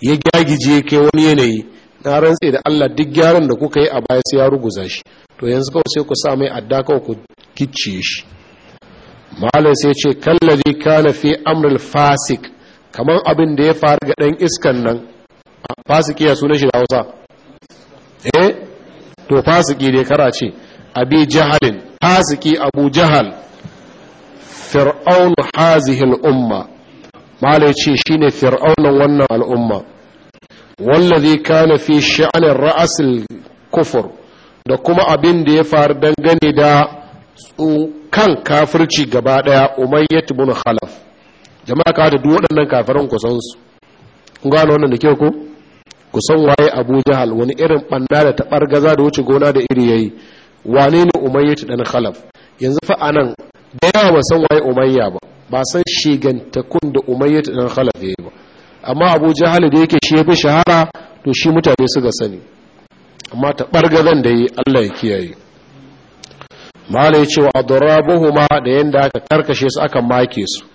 ya gyagije ke wani yanayi na rantse da Allah duk gyaran da kuka yi a baya sai ya ruguza shi to yanzu kawai sai ku sa mai adda kawai ku kicce shi malai sai ce kallazi kana fi amrul fasik kamar abin da ya faru ga ɗan iskan nan fasiki ya suna shi da hausa eh to fasiki dai kara ce abi jahalin fasiki abu jahal fir'aun hazihil umma malai ce shine fir'aunan wannan al'umma wallazi kana fi sha'anin ra'asil kufur da kuma abin da ya faru dangane da kan kafirci gaba daya umayyat bin khalaf jama'a ka da duk waɗannan kafiran ku san su kun gano wannan da ke ko ku san waye Abu Jahal wani irin banda da tabar gaza da wuce gona da iri yayi wane ne Umayya dan Khalaf yanzu fa anan da yawa ba san waye Umayya ba ba san kun da Umayya dan Khalaf yayi ba amma Abu Jahal da yake shi yafi shahara to shi mutane su suka sani amma tabar gazan da yi Allah ya kiyaye mala ya ce wa adorabuhuma da yadda aka karkashe su aka make su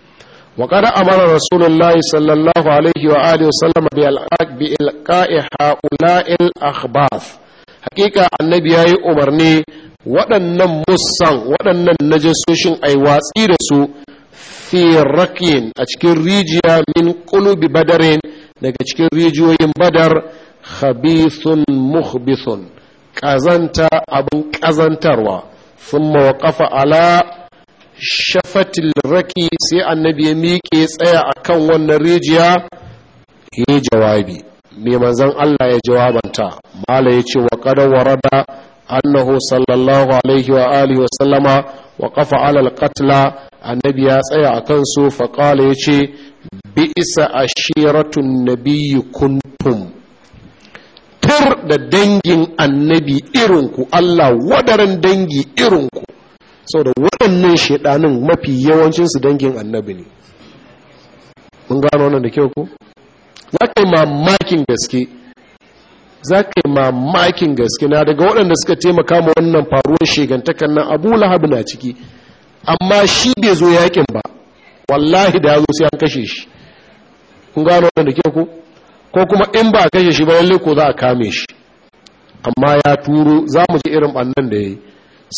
wa qad amara rasulullahi sallallahu alaihi wa alihi wasallam bi al-aq bi ilqa'i ha'ula'il akhbath hakika annabi yayi umarni waɗannan musan waɗannan najasoshin ai watsi da su fi a cikin rijiya min qulubi badarin daga cikin rijiyoyin badar khabithun muhbithun ƙazanta abin kazantarwa thumma waqafa ala shafatil raki sai annabi ya miƙe tsaya a kan wannan rijiya ya jawabi me zan Allah ya jawabanta mala ya ce wa ƙadar warada annahu sallallahu alaihi wa alihi wa sallama wa ƙafa alal alqatla annabi ya tsaya akan su so, qala ya ce bi isa shiratun ashiratun nabiyyi kuntum tur da dangin annabi irinku Allah wadaran dangi irinku sau da waɗannan shaɗanin mafi yawancinsu dangin annabi ne mun gano wannan da kyau ku za ka yi mamakin gaske za ka yi mamakin gaske na daga waɗanda suka taimaka ma wannan faruwar shigantakar nan abu lahabu na ciki amma shi bai zo yakin ba wallahi da ya zo sai an kashe shi kun gano wannan da kyau ku ko kuma in ba a kashe shi ba lalle ko za a kame shi amma ya turo za mu ji irin ɓannan da ya yi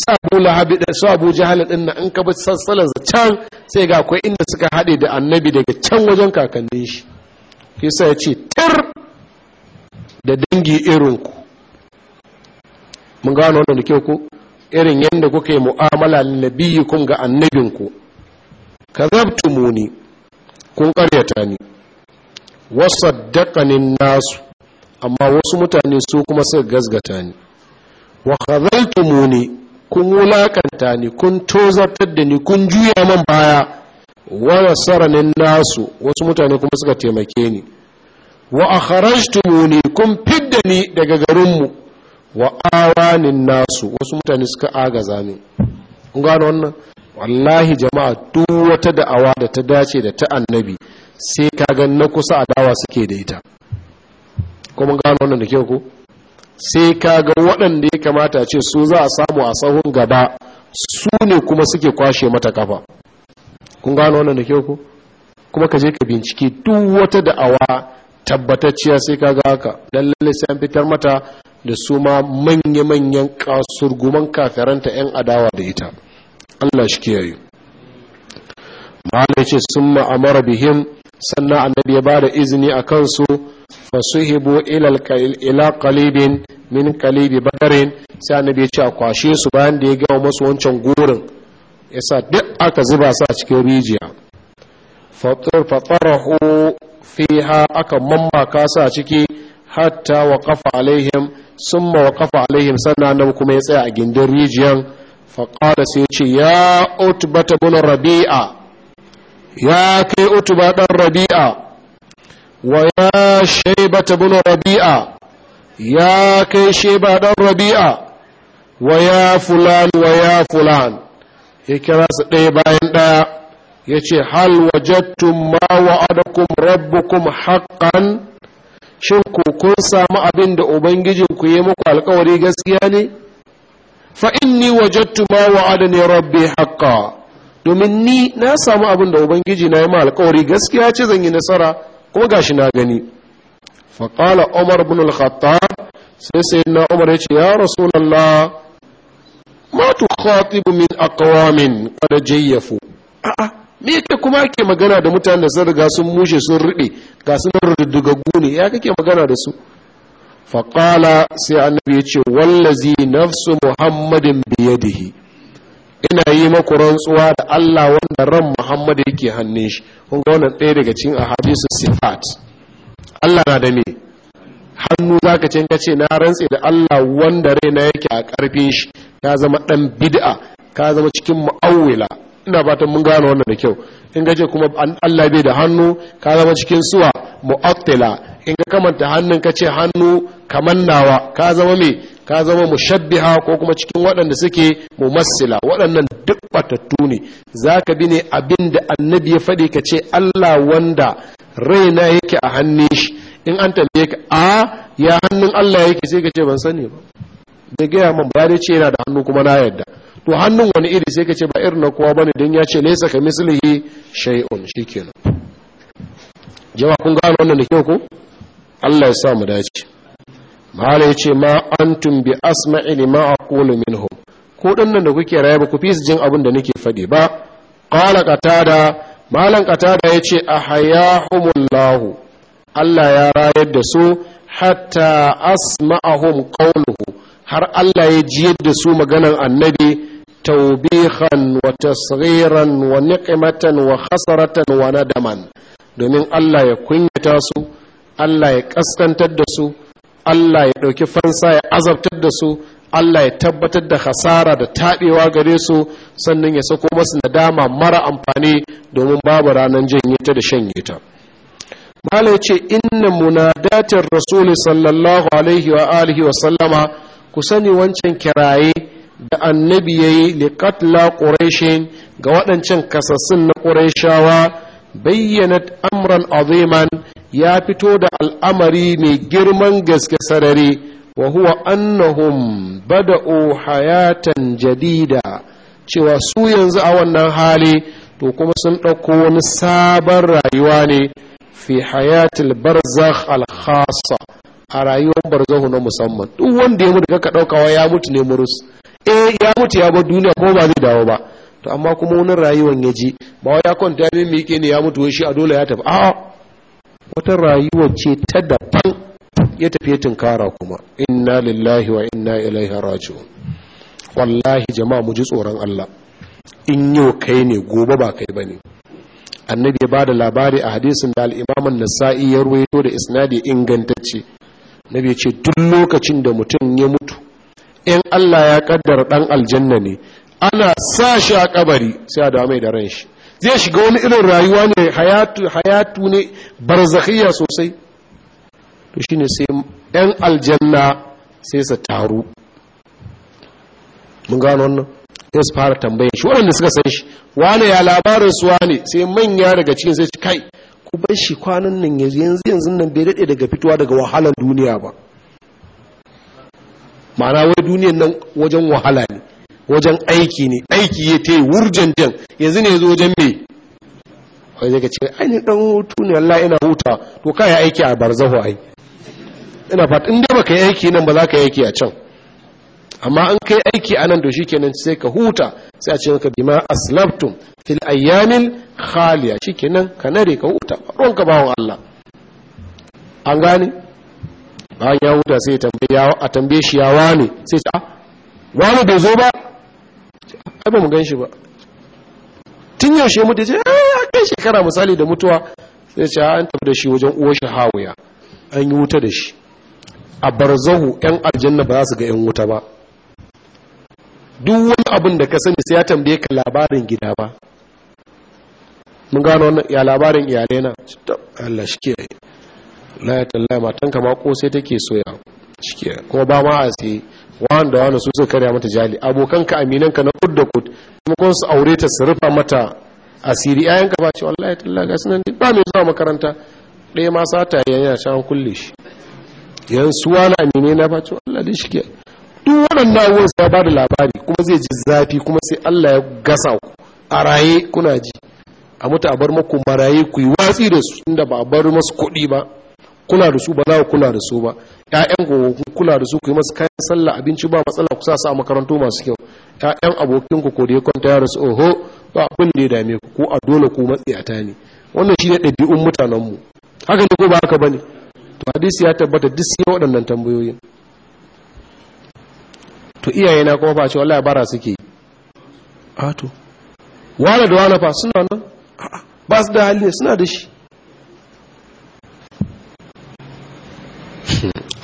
sabu lahabi da su abu din nan in ka bi sassalar can sai ga akwai inda suka haɗe da annabi daga can wajen kakannin shi yasa ya ce tar da dangi irinku mun gano wannan da kyau ku irin yadda kuka yi mu'amala kun ga annabinku muni kun karyata ni wasaddaqani nasu amma wasu mutane su kuma suka gazgata ni wa khadhaltumuni kun wulakanta ni kun tozartar da ni kun juya man baya wa nasaranin nasu wasu mutane kuma suka taimake ni wa ni kun fidda ni daga garinmu wa awanin nasu wasu mutane suka agaza ni kun gano wannan wallahi jama'a duk wata da'awa da ta dace da ta annabi sai ka ga na kusa adawa suke da ita kuma gano wannan da ke ko sai kaga waɗanda ya kamata ce su za a samu a sahun gaba su ne kuma suke kwashe mata kafa kun gano wannan da kyau ku kuma ka je ka bincike duk wata da'awa tabbatacciya sai kaga haka dan lalle sai an fitar mata da su ma manya-manyan kasurguman kafiranta 'yan adawa da ita Allah shi kiyaye malai ce sun ma'amara bihim sannan annabi ya ba da izini a kansu fasuhibu ila qalibin min qalibi bakarin sai annabi ya ce a kwashe su bayan da ya gama masu wancan gurin yasa duk aka zuba su a cikin rijiya fatar fatarahu fiha aka mamaka su a ciki hatta waqafa alaihim summa waqafa alaihim sannan annabi kuma ya tsaya a gindin rijiyan faƙada sai ce ya utbata bin rabi'a ya kai utuba ɗan rabi'a ويا شيبة بن ربيعة يا كي شيبة بن ربيعة ويا فلان Ya kira يكراس ɗaya bayan ɗaya. هل وجدتم ما وعدكم ربكم حقا shin ku kun samu abin da ku ya muku alkawari gaskiya ne fa inni wajadtu ma wa'adani rabbi haqqan domin ni na samu abin da ubangiji na yi ma alkawari gaskiya ce zan yi nasara kuma gashi na gani faƙala umar bin al-khattab sai sai na umar ya ce ya rasulallah ma tu khatibu min aqwamin qad jayyafu a'a me yake kuma ke magana da mutanen da sun riga sun mushe sun rube ga sun rudugagu ne ya kake magana da su faƙala sai annabi yace, wallazi nafsu muhammadin biyadihi ina yi maku rantsuwa da Allah wanda ran Muhammad yake hannun shi kun ga wannan ɗaya daga cikin ahadisu sifat Allah na da me hannu zaka ce kace na rantse da Allah wanda raina yake a ƙarfin shi ka zama dan bid'a ka zama cikin mu'awwila ina fatan mun gano wannan da kyau in gaje kuma Allah bai da hannu ka zama cikin suwa mu'attila in ga kamanta hannun kace hannu kamannawa ka zama me ka zama mushabbiha ko kuma cikin waɗanda suke mumassila waɗannan duk batattu ne za ka bi ne abin da annabi ya faɗi ka ce allah wanda raina yake a hannun shi in an tambaye ka a ya hannun allah yake sai ka ce ban sani ba da gaya man ba dai ce yana da hannu kuma na yadda to hannun wani iri sai ka ce ba irin na kowa bane dan ya ce laisa ka mislihi shay'un shikenan jama'a kun gano wannan da kyau ko Allah ya sa mu dace mala ya ce ma an antum bi a lima min hu ko nan da kuke raye ba ku fi jin abin da nake faɗi ba qala katada malan qatada yace ahyahumullahu Allah ya rayar da su hatta asma'ahum ƙaunuhu har Allah ya ji yadda su maganan annabi taubihan wa tasghiran wa niqmatan wa khasaratan wa nadaman domin Allah ya kunyata su Allah ya kaskantar da su Allah ya ɗauki fansa ya azabtar da su Allah ya tabbatar da hasara da taɓewa gare su sannan ya sako masu nadama mara amfani domin babu ranar janye ta da shanye ta Malam ya ce inna munadatin rasuli sallallahu alaihi wa alihi wa sallama ku sani wancan kiraye da annabi ya yi liƙatla ƙureshin ga waɗancan kasassun na ƙureshawa bayyana amran aziman ya fito da al'amari mai girman gaske sarari wa huwa annahum bada'u hayatan jadida cewa su yanzu a wannan hali to kuma sun ɗauko wani sabon rayuwa ne fi hayatul barzakh al a rayuwar barzakh na musamman duk wanda ya mutu kaka ɗaukawa ya mutu ne murus eh ya mutu ya bar duniya ko ba zai dawo ba to amma kuma wani rayuwar ya ji ba ya kwanta ya mimike ne ya mutu shi a dole ya tafi a'a wata rayuwa ce ta daban ya tafi tunkara kuma inna lillahi wa inna ilaihi raju wallahi jama'a mu ji tsoron Allah in yau kai ne gobe ba kai bane annabi ya bada labari a hadisin da al-Imam an-Nasa'i ya ruwaito da isnadi ingantacce nabi ya ce duk lokacin da mutum ya mutu in Allah ya kaddara dan aljanna ne ana sa shi a kabari sai a mai da ran shi zai shiga wani irin rayuwa ne hayatu ne barzakhiya sosai to shine sai yan aljanna sai su taru mun gano wannan sai su fara tambayar shi waɗanda suka san shi wane ya labarin suwa ne sai manya daga cikin sai su kai ku bar shi kwanan nan yanzu yanzu nan bai daɗe daga fitowa daga wahalar duniya ba ma'ana wai duniyan nan wajen wahala ne wajen aiki ne aiki ya ta yi jan yanzu ne zo wajen mai wai zai ga ce ainihin ɗan hutu ne Allah ina huta to ka yi aiki a barzahu ai ina fata da ba ka yi aiki nan ba za ka yi aiki a can amma an kai aiki a nan to shi kenan sai ka huta sai a ce maka bima aslabtum fil ayyamin khaliya shi kenan ka nare ka huta ruwan ka bawon Allah an gane bayan ya huta sai a tambaye shi yawa ne sai ta a ah, wani bai zo ba ba mu gan shi ba tun yaushe mutu ce ah, ya kai shekara misali da mutuwa sai ce ah, an tafi da shi wajen uwa shi hawaya an yi wuta da shi a barzahu yan aljanna ba za su ga yan wuta ba duk wani abin da ka sani sai ya tambaye ka labarin gida ba mun gano wannan ya labarin iyalai na Allah shi ke la ya tanka ma ko sai take soya shi ke kuma ba ma a sai wanda wanda su zai karya mata jali abokanka aminanka na kud da kud kuma kun su aure ta su rufa mata asiri ka ba ce wallahi tallah ga sunan ba mai zuwa makaranta ɗaya ma sata yana shan kulle shi yan suwa na amine na ba ce wallahi dai shi ke duk waɗannan abubuwan sai ba da labari kuma zai ji zafi kuma sai Allah ya gasa ku a raye kuna ji a mutu a bar maku maraye ku yi watsi da su inda ba a bar masu kuɗi ba kuna da su ba za ku kula da su ba ƴaƴan ku kula da su ku yi masu kayan sallah abinci ba matsala ku sa su a makarantu masu kyau ƴaƴan abokin ku ko da ya kwanta ya su oho ba abin da ya dame ku ko a dole ku matsiyata ne wannan shi ne ɗabi'un mutanen mu haka ne ko ba haka bane to hadisi ya tabbata duk sai waɗannan tambayoyin to iyaye na kuma face wallahi bara suke a to wala da wala fa suna nan ba su da hali suna da shi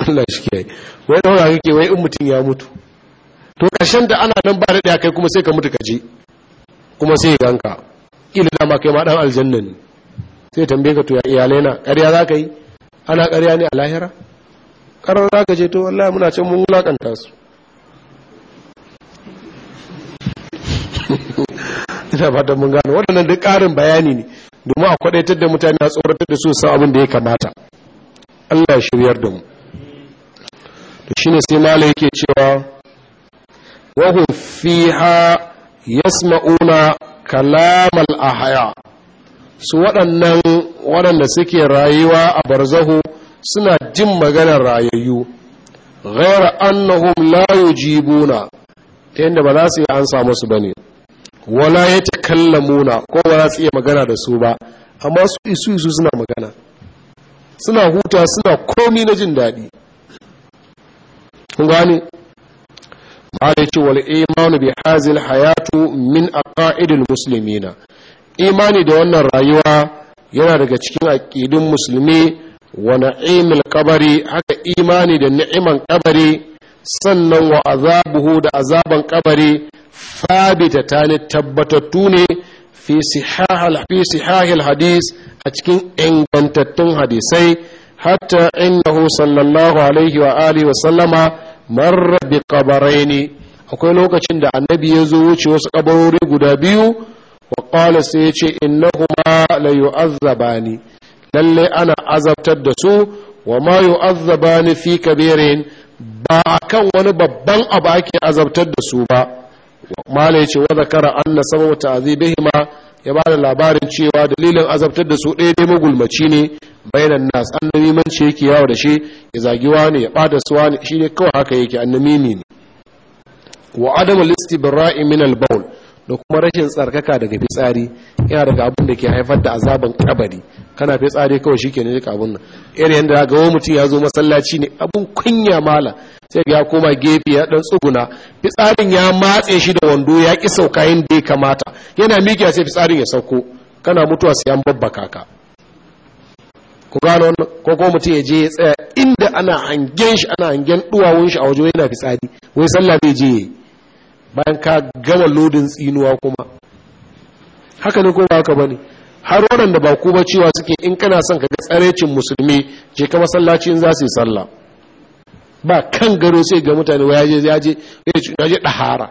Allah shi kiyaye wai wani kake wai in mutum ya mutu to ƙarshen da ana nan ba da kai kuma sai ka mutu ka je kuma sai ganka ila dama kai ma dan aljanna ne sai tambaye ka to ya iyalai na ƙarya za ka yi ana ƙarya ne a lahira ƙarar za ka je to wallahi muna can mun wulaƙanta su ina fatan mun gano waɗannan duk ƙarin bayani ne domin a kwaɗaitar da mutane a tsoratar da su san abin da ya kamata Allah ya shiryar da mu shi ne sai malai yake cewa wa fiha yasma'una kalamal ahya su waɗannan waɗanda suke rayuwa a barzahu suna jin maganar rayayyu ghaira annahum la yujibuna ta yadda ba za su yi ansa musu bane wala ya takallamuna ko ba za su iya magana da su ba amma su isu isu suna magana suna huta suna komi na jin daɗi kun gane malai ce wal imanu bi hazil hayatu min aqaidil muslimina imani da wannan rayuwa yana daga cikin aqidin musulmi wa na'imil qabari haka imani da ni'iman qabari sannan wa azabuhu da azaban qabari fabita tani tabbatattu ne fi sihahil hadis a cikin ingantattun hadisai hatta innahu sallallahu alaihi wa alihi wa sallama marra bi qabaraini akwai lokacin da annabi ya zo wuce wasu kabarori guda biyu wa qala sai ya ce innahuma azaba ni. lalle ana azabtar da su wa ma yu'azzabani fi kabirin ba kan wani babban abu ake azabtar da su ba mala ya ce wa zakara anna sababu azibihima ya ba da labarin cewa dalilin azabtar da su ɗaya dai magulmaci ne bainan nas mimanci yake yawo da shi ya zagi wani ya bada su wani ne kawai haka yake annamimi ne wa adam al-istibra'i min al da kuma rashin tsarkaka daga fitsari yana daga abin da ke haifar da azaban kabari kana fitsari kawai shi ke ne duka abin nan irin yadda ga wani mutum ya zo masallaci ne abin kunya mala sai ya koma gefe ya dan tsuguna fitsarin ya matse shi da wando ya ki sauka yin da ya kamata yana miƙe sai fitsarin ya sauko kana mutuwa sai an babbaka ka ku gano wannan ko ko mutum ya je ya tsaya inda ana hangen shi ana hangen duwawun shi a waje yana fitsari wai sallah bai je bayan ka gama lodin tsinuwa kuma haka ne ko ba haka bane har waɗanda ba ku ba cewa suke in kana son ka ga tsarecin musulmi je ka masallaci in za su yi sallah ba kan garo sai ga mutane waya je ya je ya je dahara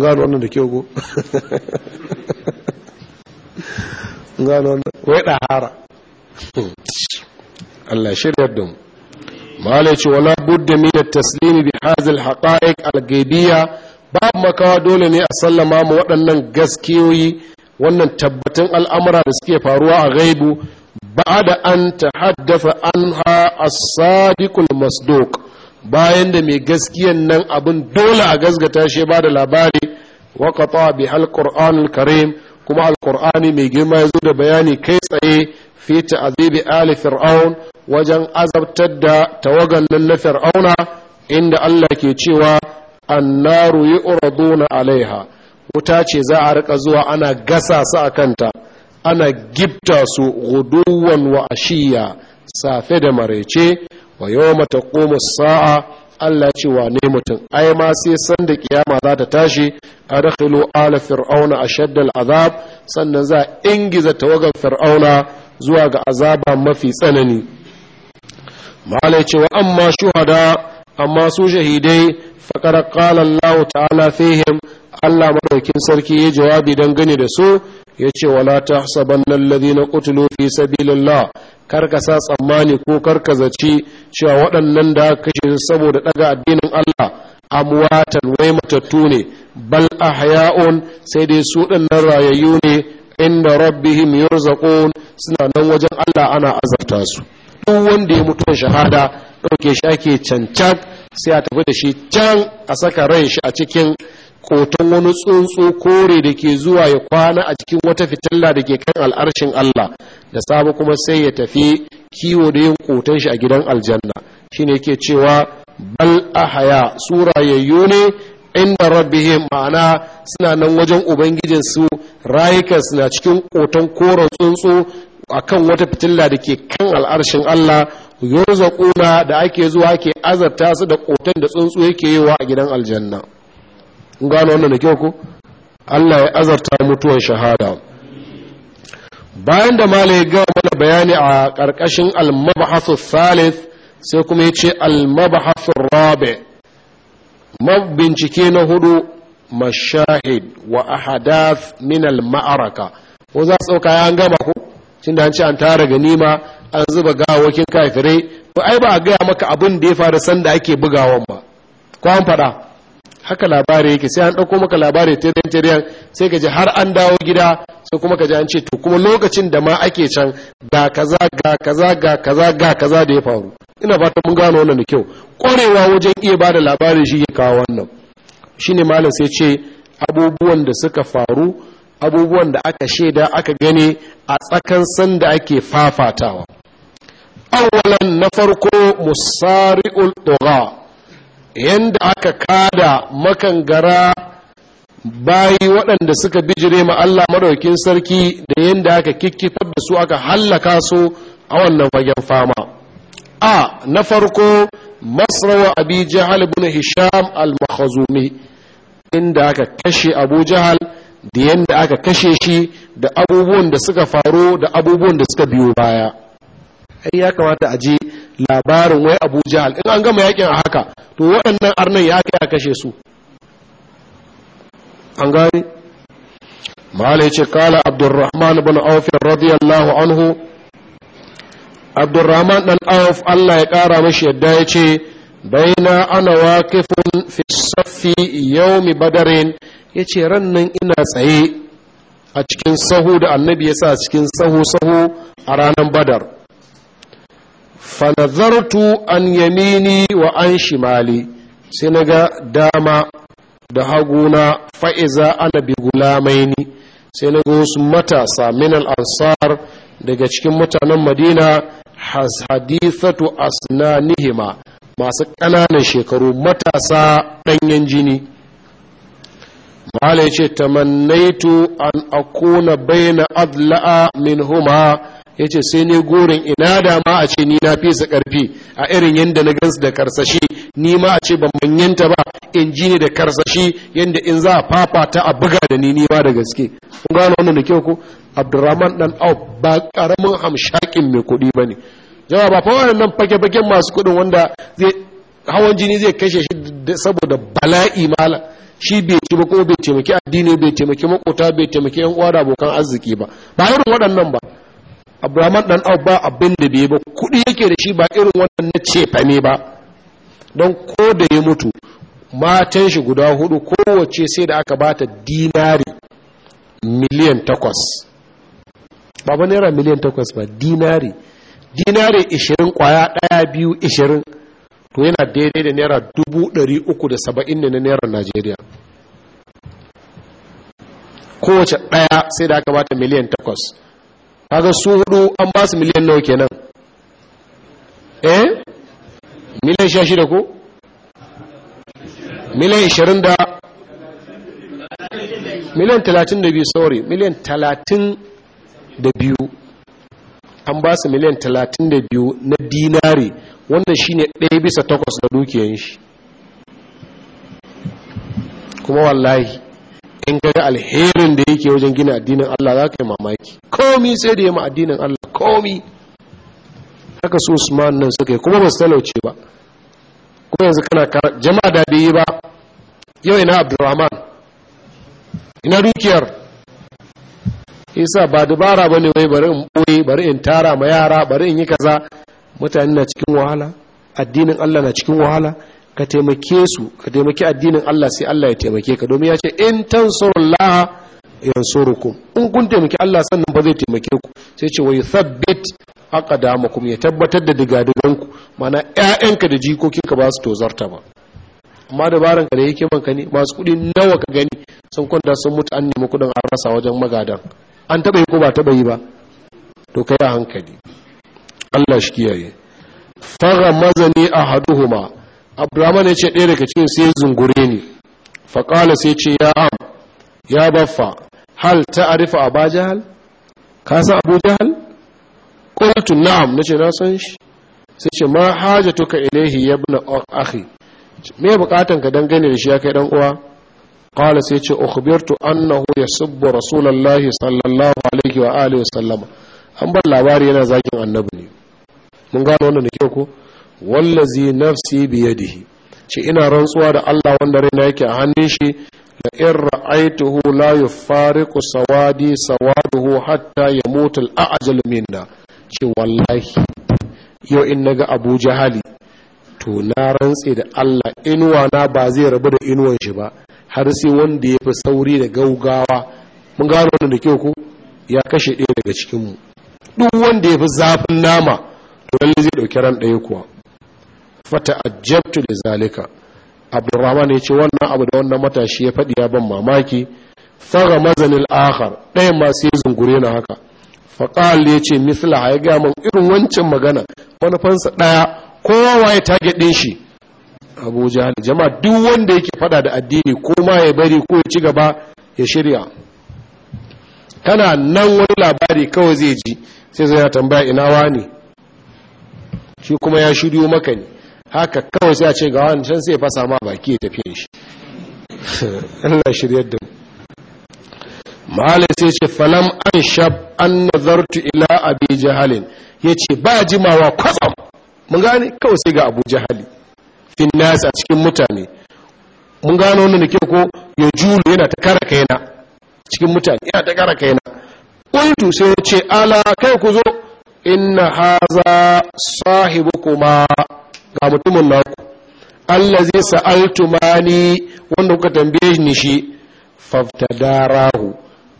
gano wannan da kyau go gano wannan wai dahara Allah shiryar da mu malai ce wala budda min at taslimi bi hazil haqa'iq al-ghaibiyya babu makawa dole ne a sallama mu waɗannan gaskiyoyi wannan tabbatun al'amura da suke faruwa a gaibu ba'da an tahaddafa anha as-sadiqul masduq bayan da mai gaskiyan nan abin dole a gasgata shi ba da labari wa qata bi al karim kuma al-Qur'ani mai girma ya zo da bayani kai tsaye fi ta'azibi ali fir'aun wajen azabtar da tawagan na fir'auna inda Allah ke cewa annaru yu'raduna alaiha wuta ce za a rika zuwa ana gasa su a kanta ana gifta su guduwan wa ashiya safe da marece wa yawma taqumu sa'a Allah ce wa ne mutum ai ma sai san da kiyama za ta tashi adkhilu ala fir'auna ashaddal azab sannan za ingiza tawagan fir'auna zuwa ga azaba mafi tsanani malai cewa amma shuhada amma su shahidai faƙar ƙalallahu ta'ala fihim Allah maɗaukin sarki ya jawabi gani da su ya ce wala ta saban nan na ƙutulu fi sabilillah karka sa tsammani ko karka zaci cewa waɗannan da aka kashe saboda ɗaga addinin Allah amuwatan wai matattu ne bal ahya'un sai dai su nan rayayyu ne inda rabbihim yurzaqun suna nan wajen Allah ana azarta su duk wanda ya mutu shahada ɗauke shi ake cancan sai a tafi da shi can a saka ran shi a cikin koton wani tsuntsu kore da ke zuwa ya kwana a cikin wata fitilla da ke kan al'arshin Allah da sabu kuma sai ya tafi kiwo da yin koton shi a gidan aljanna shine yake cewa bal ahaya yayyo ne inda rabbihim ma'ana suna nan wajen ubangijinsu rayukan suna cikin koton koren tsuntsu akan wata fitilla da ke kan al'arshin Allah ƙuna da ake zuwa ke azarta su da kotan da tsuntsu yake yi wa a gidan aljanna gano wannan da kyau ku? Allah ya azarta mutuwan shahada bayan da mala ya gama mana bayani a ƙarƙashin al salis sai kuma ya ce al rabe rabi bincike na hudu mashahid wa ahadath min al-ma'araka ko za su ɗauka ya gama ku? cin da an ce an tara ganima an zuba gawakin kafirai to ai ba a gaya maka abin da ya faru sanda ake bugawan ba ko an faɗa haka labari yake sai an ɗauko maka labari tiryan sai ka ji har an dawo gida sai kuma ka ji an ce to kuma lokacin da ma ake can ga kaza ga kaza ga kaza ga kaza da ya faru ina fata mun gano wannan da kyau ƙwarewa wajen iya ba da labari shi ya kawo wannan shine malam sai ce abubuwan da suka faru abubuwan da aka shaida aka gani a tsakan sanda ake fafatawa awalan na farko musari'ul ɗoga yadda aka kada makangara bayi waɗanda suka bijire ma Allah maɗaukin sarki da yadda aka kikkifar da su aka hallaka su a wannan fagen fama a na farko masrawa abi jahal na hisham al-makhazumi inda aka kashe abu jihal da yadda aka kashe shi da abubuwan da suka faru da abubuwan da suka biyo baya ai ya kamata a je labarin wai abu jahal in an gama yakin a haka to waɗannan arnan ya aka kashe su an gani mala ya ce kala abdurrahman bin auf radiyallahu anhu abdurrahman dan auf Allah ya kara mashi yadda ya ce baina ana waqifun fi yau yawmi badarin ya ce ran ina tsaye a cikin sahu da annabi ya sa cikin sahu-sahu a ranar badar fanazartu an yamini wa an shimali sai na ga dama da haguna fa'iza ana bi ni sai na ga wasu matasa minal ansar daga cikin mutanen madina hadithatu asnanihima masu ƙananan shekaru matasa ɗanyen jini mala ya ce tamannaitu an akuna baina adla'a min huma ya ce sai ne gorin ina da ma a ce ni na fi su karfi a irin yadda na gansu da karsashi ni ma a ce ban manyanta ba in ji ne da karsashi yadda in za a fafata a buga da ni ni ma da gaske kun gano wannan da kyau ko abdurrahman dan au ba karamin hamshakin mai kuɗi ba ne jama'a ba fage-fagen masu kuɗin wanda zai hawan jini zai kashe shi saboda bala'i malam shi bai ci ba ko bai taimaki addini bai taimaki makota bai taimaki yan uwa da abokan arziki ba ba irin waɗannan ba abraman dan abu ba abin da bai ba kuɗi yake da shi ba irin wannan na ne ba don ko da ya mutu matan shi guda hudu kowace sai da aka bata dinari miliyan takwas ba ba naira miliyan takwas ba dinari dinari ishirin kwaya ɗaya biyu ishirin to yana daidai da naira dubu uku da ne na naira najeriya kowace ɗaya sai da aka bata miliyan takwas kaga su hudu an ba su miliyan nawa kenan eh miliyan 16 ko miliyan 20 da miliyan talatin da biyu sorry miliyan talatin da biyu an ba su miliyan talatin da biyu na dinari wannan ne ɗaya bisa takwas na dukiyan shi kuma wallahi in gari alherin da yake wajen gina addinin Allah za ka yi mamaki komi sai da yamma addinin Allah komi haka su Usman nan suka yi kuma ba su talauce ba kuma yanzu kana kara jama'a da bai yi ba yau ina Abdulrahman ina dukiyar isa ba dubara ba ne wai bari in ɓoye bari in tara ma yara bari in yi kaza mutane na cikin wahala addinin Allah na cikin wahala ka taimake su ka taimake addinin Allah sai Allah ya taimake ka domin ya ce in tansurullah yansurukum in kun taimake Allah sannan ba zai taimake ku sai ce wai thabbit aqdamakum ya tabbatar da ku? mana ƴaƴanka da jikokin ka ba su tozarta ba amma dabaran ka da yake banka ne masu kuɗi nawa ka gani sun kwanta sun mutu an nemi kuɗin an rasa wajen magadan an taba yi ko ba taba yi ba to kai a hankali Allah shi kiyaye fara mazani a haduhuma abdurrahman ya ce ɗaya daga cikin sai zungure ni faƙala sai ce ya am ya baffa hal ta arifa a ba jahal ka san abu jahal ƙwaltu na'am na ce na san shi sai ce ma ka ilaihi ya bi na akhi me bukatan ka dangane da shi ya kai dan uwa ƙwala sai ce ukhbirtu annahu yasubbu rasulullahi sallallahu alaihi wa alihi wasallama an ban labari yana zakin annabi ne mun gano wannan da kyau ko wallazi nafsi biyadihi ce ina rantsuwa da Allah wanda raina yake a hannun shi la in ra'aituhu la yufariqu sawadi sawaduhu hatta yamutu al-ajal minna ce wallahi yau in naga Abu Jahali to na rantse da Allah inuwa na ba zai rabu da inuwan shi ba har sai wanda ya fi sauri da gaugawa mun gano wannan da kyau ko ya kashe ɗaya daga cikin mu duk wanda ya fi zafin nama to zai dauki ran ɗaya kuwa fata ajabtu da zalika abdurrahman ya ce wannan abu da wannan matashi ya faɗi ya ban mamaki faga mazanil akhar ɗayan ma sai zungure na haka faƙal ya ce misla ya gaya mun irin wancan magana manufansa ɗaya kowa ya target ɗin shi abu jahal jama'a duk wanda yake faɗa da addini ko ma ya bari ko ya ci gaba ya shirya kana nan wani labari kawai zai ji sai zai tambaya ina wani shi kuma ya shiryo maka ne haka kawai sai a ce ga wani can sai fasa ma baki ya tafiye shi Allah shirya da mahalin sai ce falam an shab an nazartu ila abi jahalin ya ce ba jimawa kwatsam mun gane kawai sai ga abu jahali fin nasa cikin mutane mun gano wannan nake ko ya julu yana ta kara kaina cikin mutane yana ta kara kaina ƙuntu sai ya ce ala kai ku zo inna haza sahibu kuma ga mutumin naku allazi sa'altumani wanda kuka tambaye ni shi faftadarahu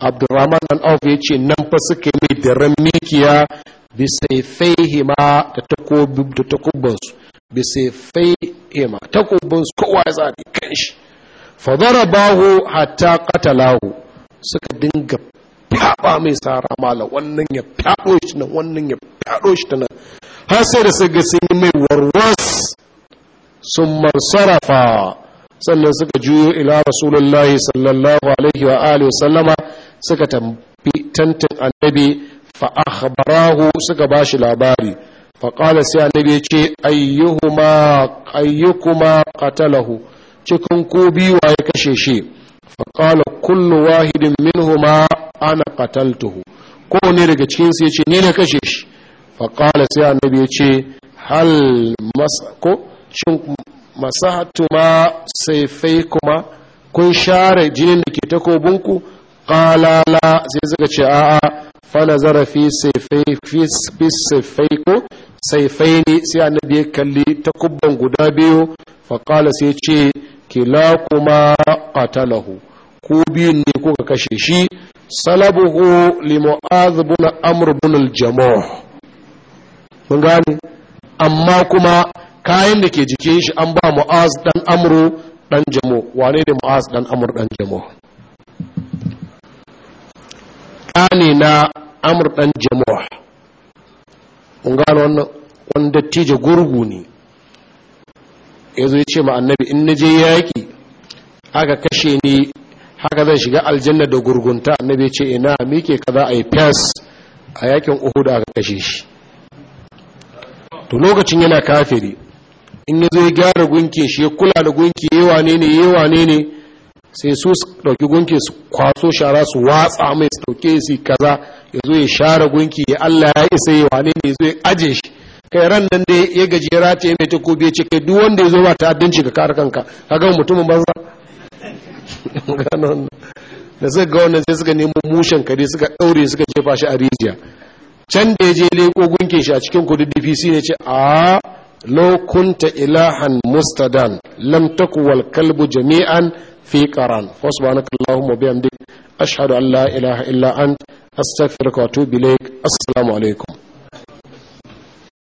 abdurrahman dan auf yace nan fa suke mai daren mikiya bi sayfihima da takobi da takubban su bi sayfihima takubban su kowa ya zare kanshi fa darabahu hatta qatalahu suka dinga fyaɓa mai sara mala wannan ya fyaɗo shi nan wannan ya fyaɗo shi nan har sai da suka sun yi mai warwas sun mansarafa sannan suka juyo ila rasulullahi sallallahu alaihi wa alihi sallama suka tambi tantin annabi fa akhbarahu suka bashi labari fa qala sai annabi ya ce ayyuhuma ayyukuma qatalahu cikin ku biyu ya kashe shi fa qala kullu wahidin minhuma ana qataltuhu ko ne daga cikin su yace ni na kashe shi sai a sai annabi ce hal masako shin sai fai kuma kun share jinin da ke takobinku qala Ƙalala sai zaga ce a'a Fana zarafi fi sayfai fi sayfai ko ne sai annabi ya kalli takubban guda biyu Faƙala sai ce kila kuma qatalahu Ko biyun ne ko ka kashe shi salabuhu limu'adh bin amr bin al-jamuh mun gane amma kuma kayan da ke jikin shi an ba mu'az dan amru dan jamo wane ne mu'az dan amru dan jamo kane na amru dan jamo mun gane wannan wanda tije gurgu ne yazo ya ce ma annabi in naje yaki aka kashe ni haka zan shiga aljanna da gurgunta annabi ce ina mike kaza a yi fes a yakin uhudu aka kashe shi to lokacin yana kafiri in ya zo ya gyara gunki shi ya kula da gunki yawa ne ne yawa ne ne sai su dauki gunki su kwaso shara su watsa mai su dauke su kaza ya zo ya share gunki ya Allah ya isa ya wane ne zo ya aje shi kai ran nan da ya gajera ta yi mai takobi ya ce kai duk wanda ya zo ba ta addinci ka kare kanka kaga mutumin banza da suka ga wannan sai suka nemo mushen kare suka daure suka jefa shi a rijiya can da ya je leko gunkin shi a cikin kudu dpc ne ce a lokunta ilahan mustadan lam takuwal kalbu jami'an fi qaran fasbanaka allahumma bihamdik ashhadu an la ilaha illa ant astaghfiruka wa atubu ilaik assalamu alaikum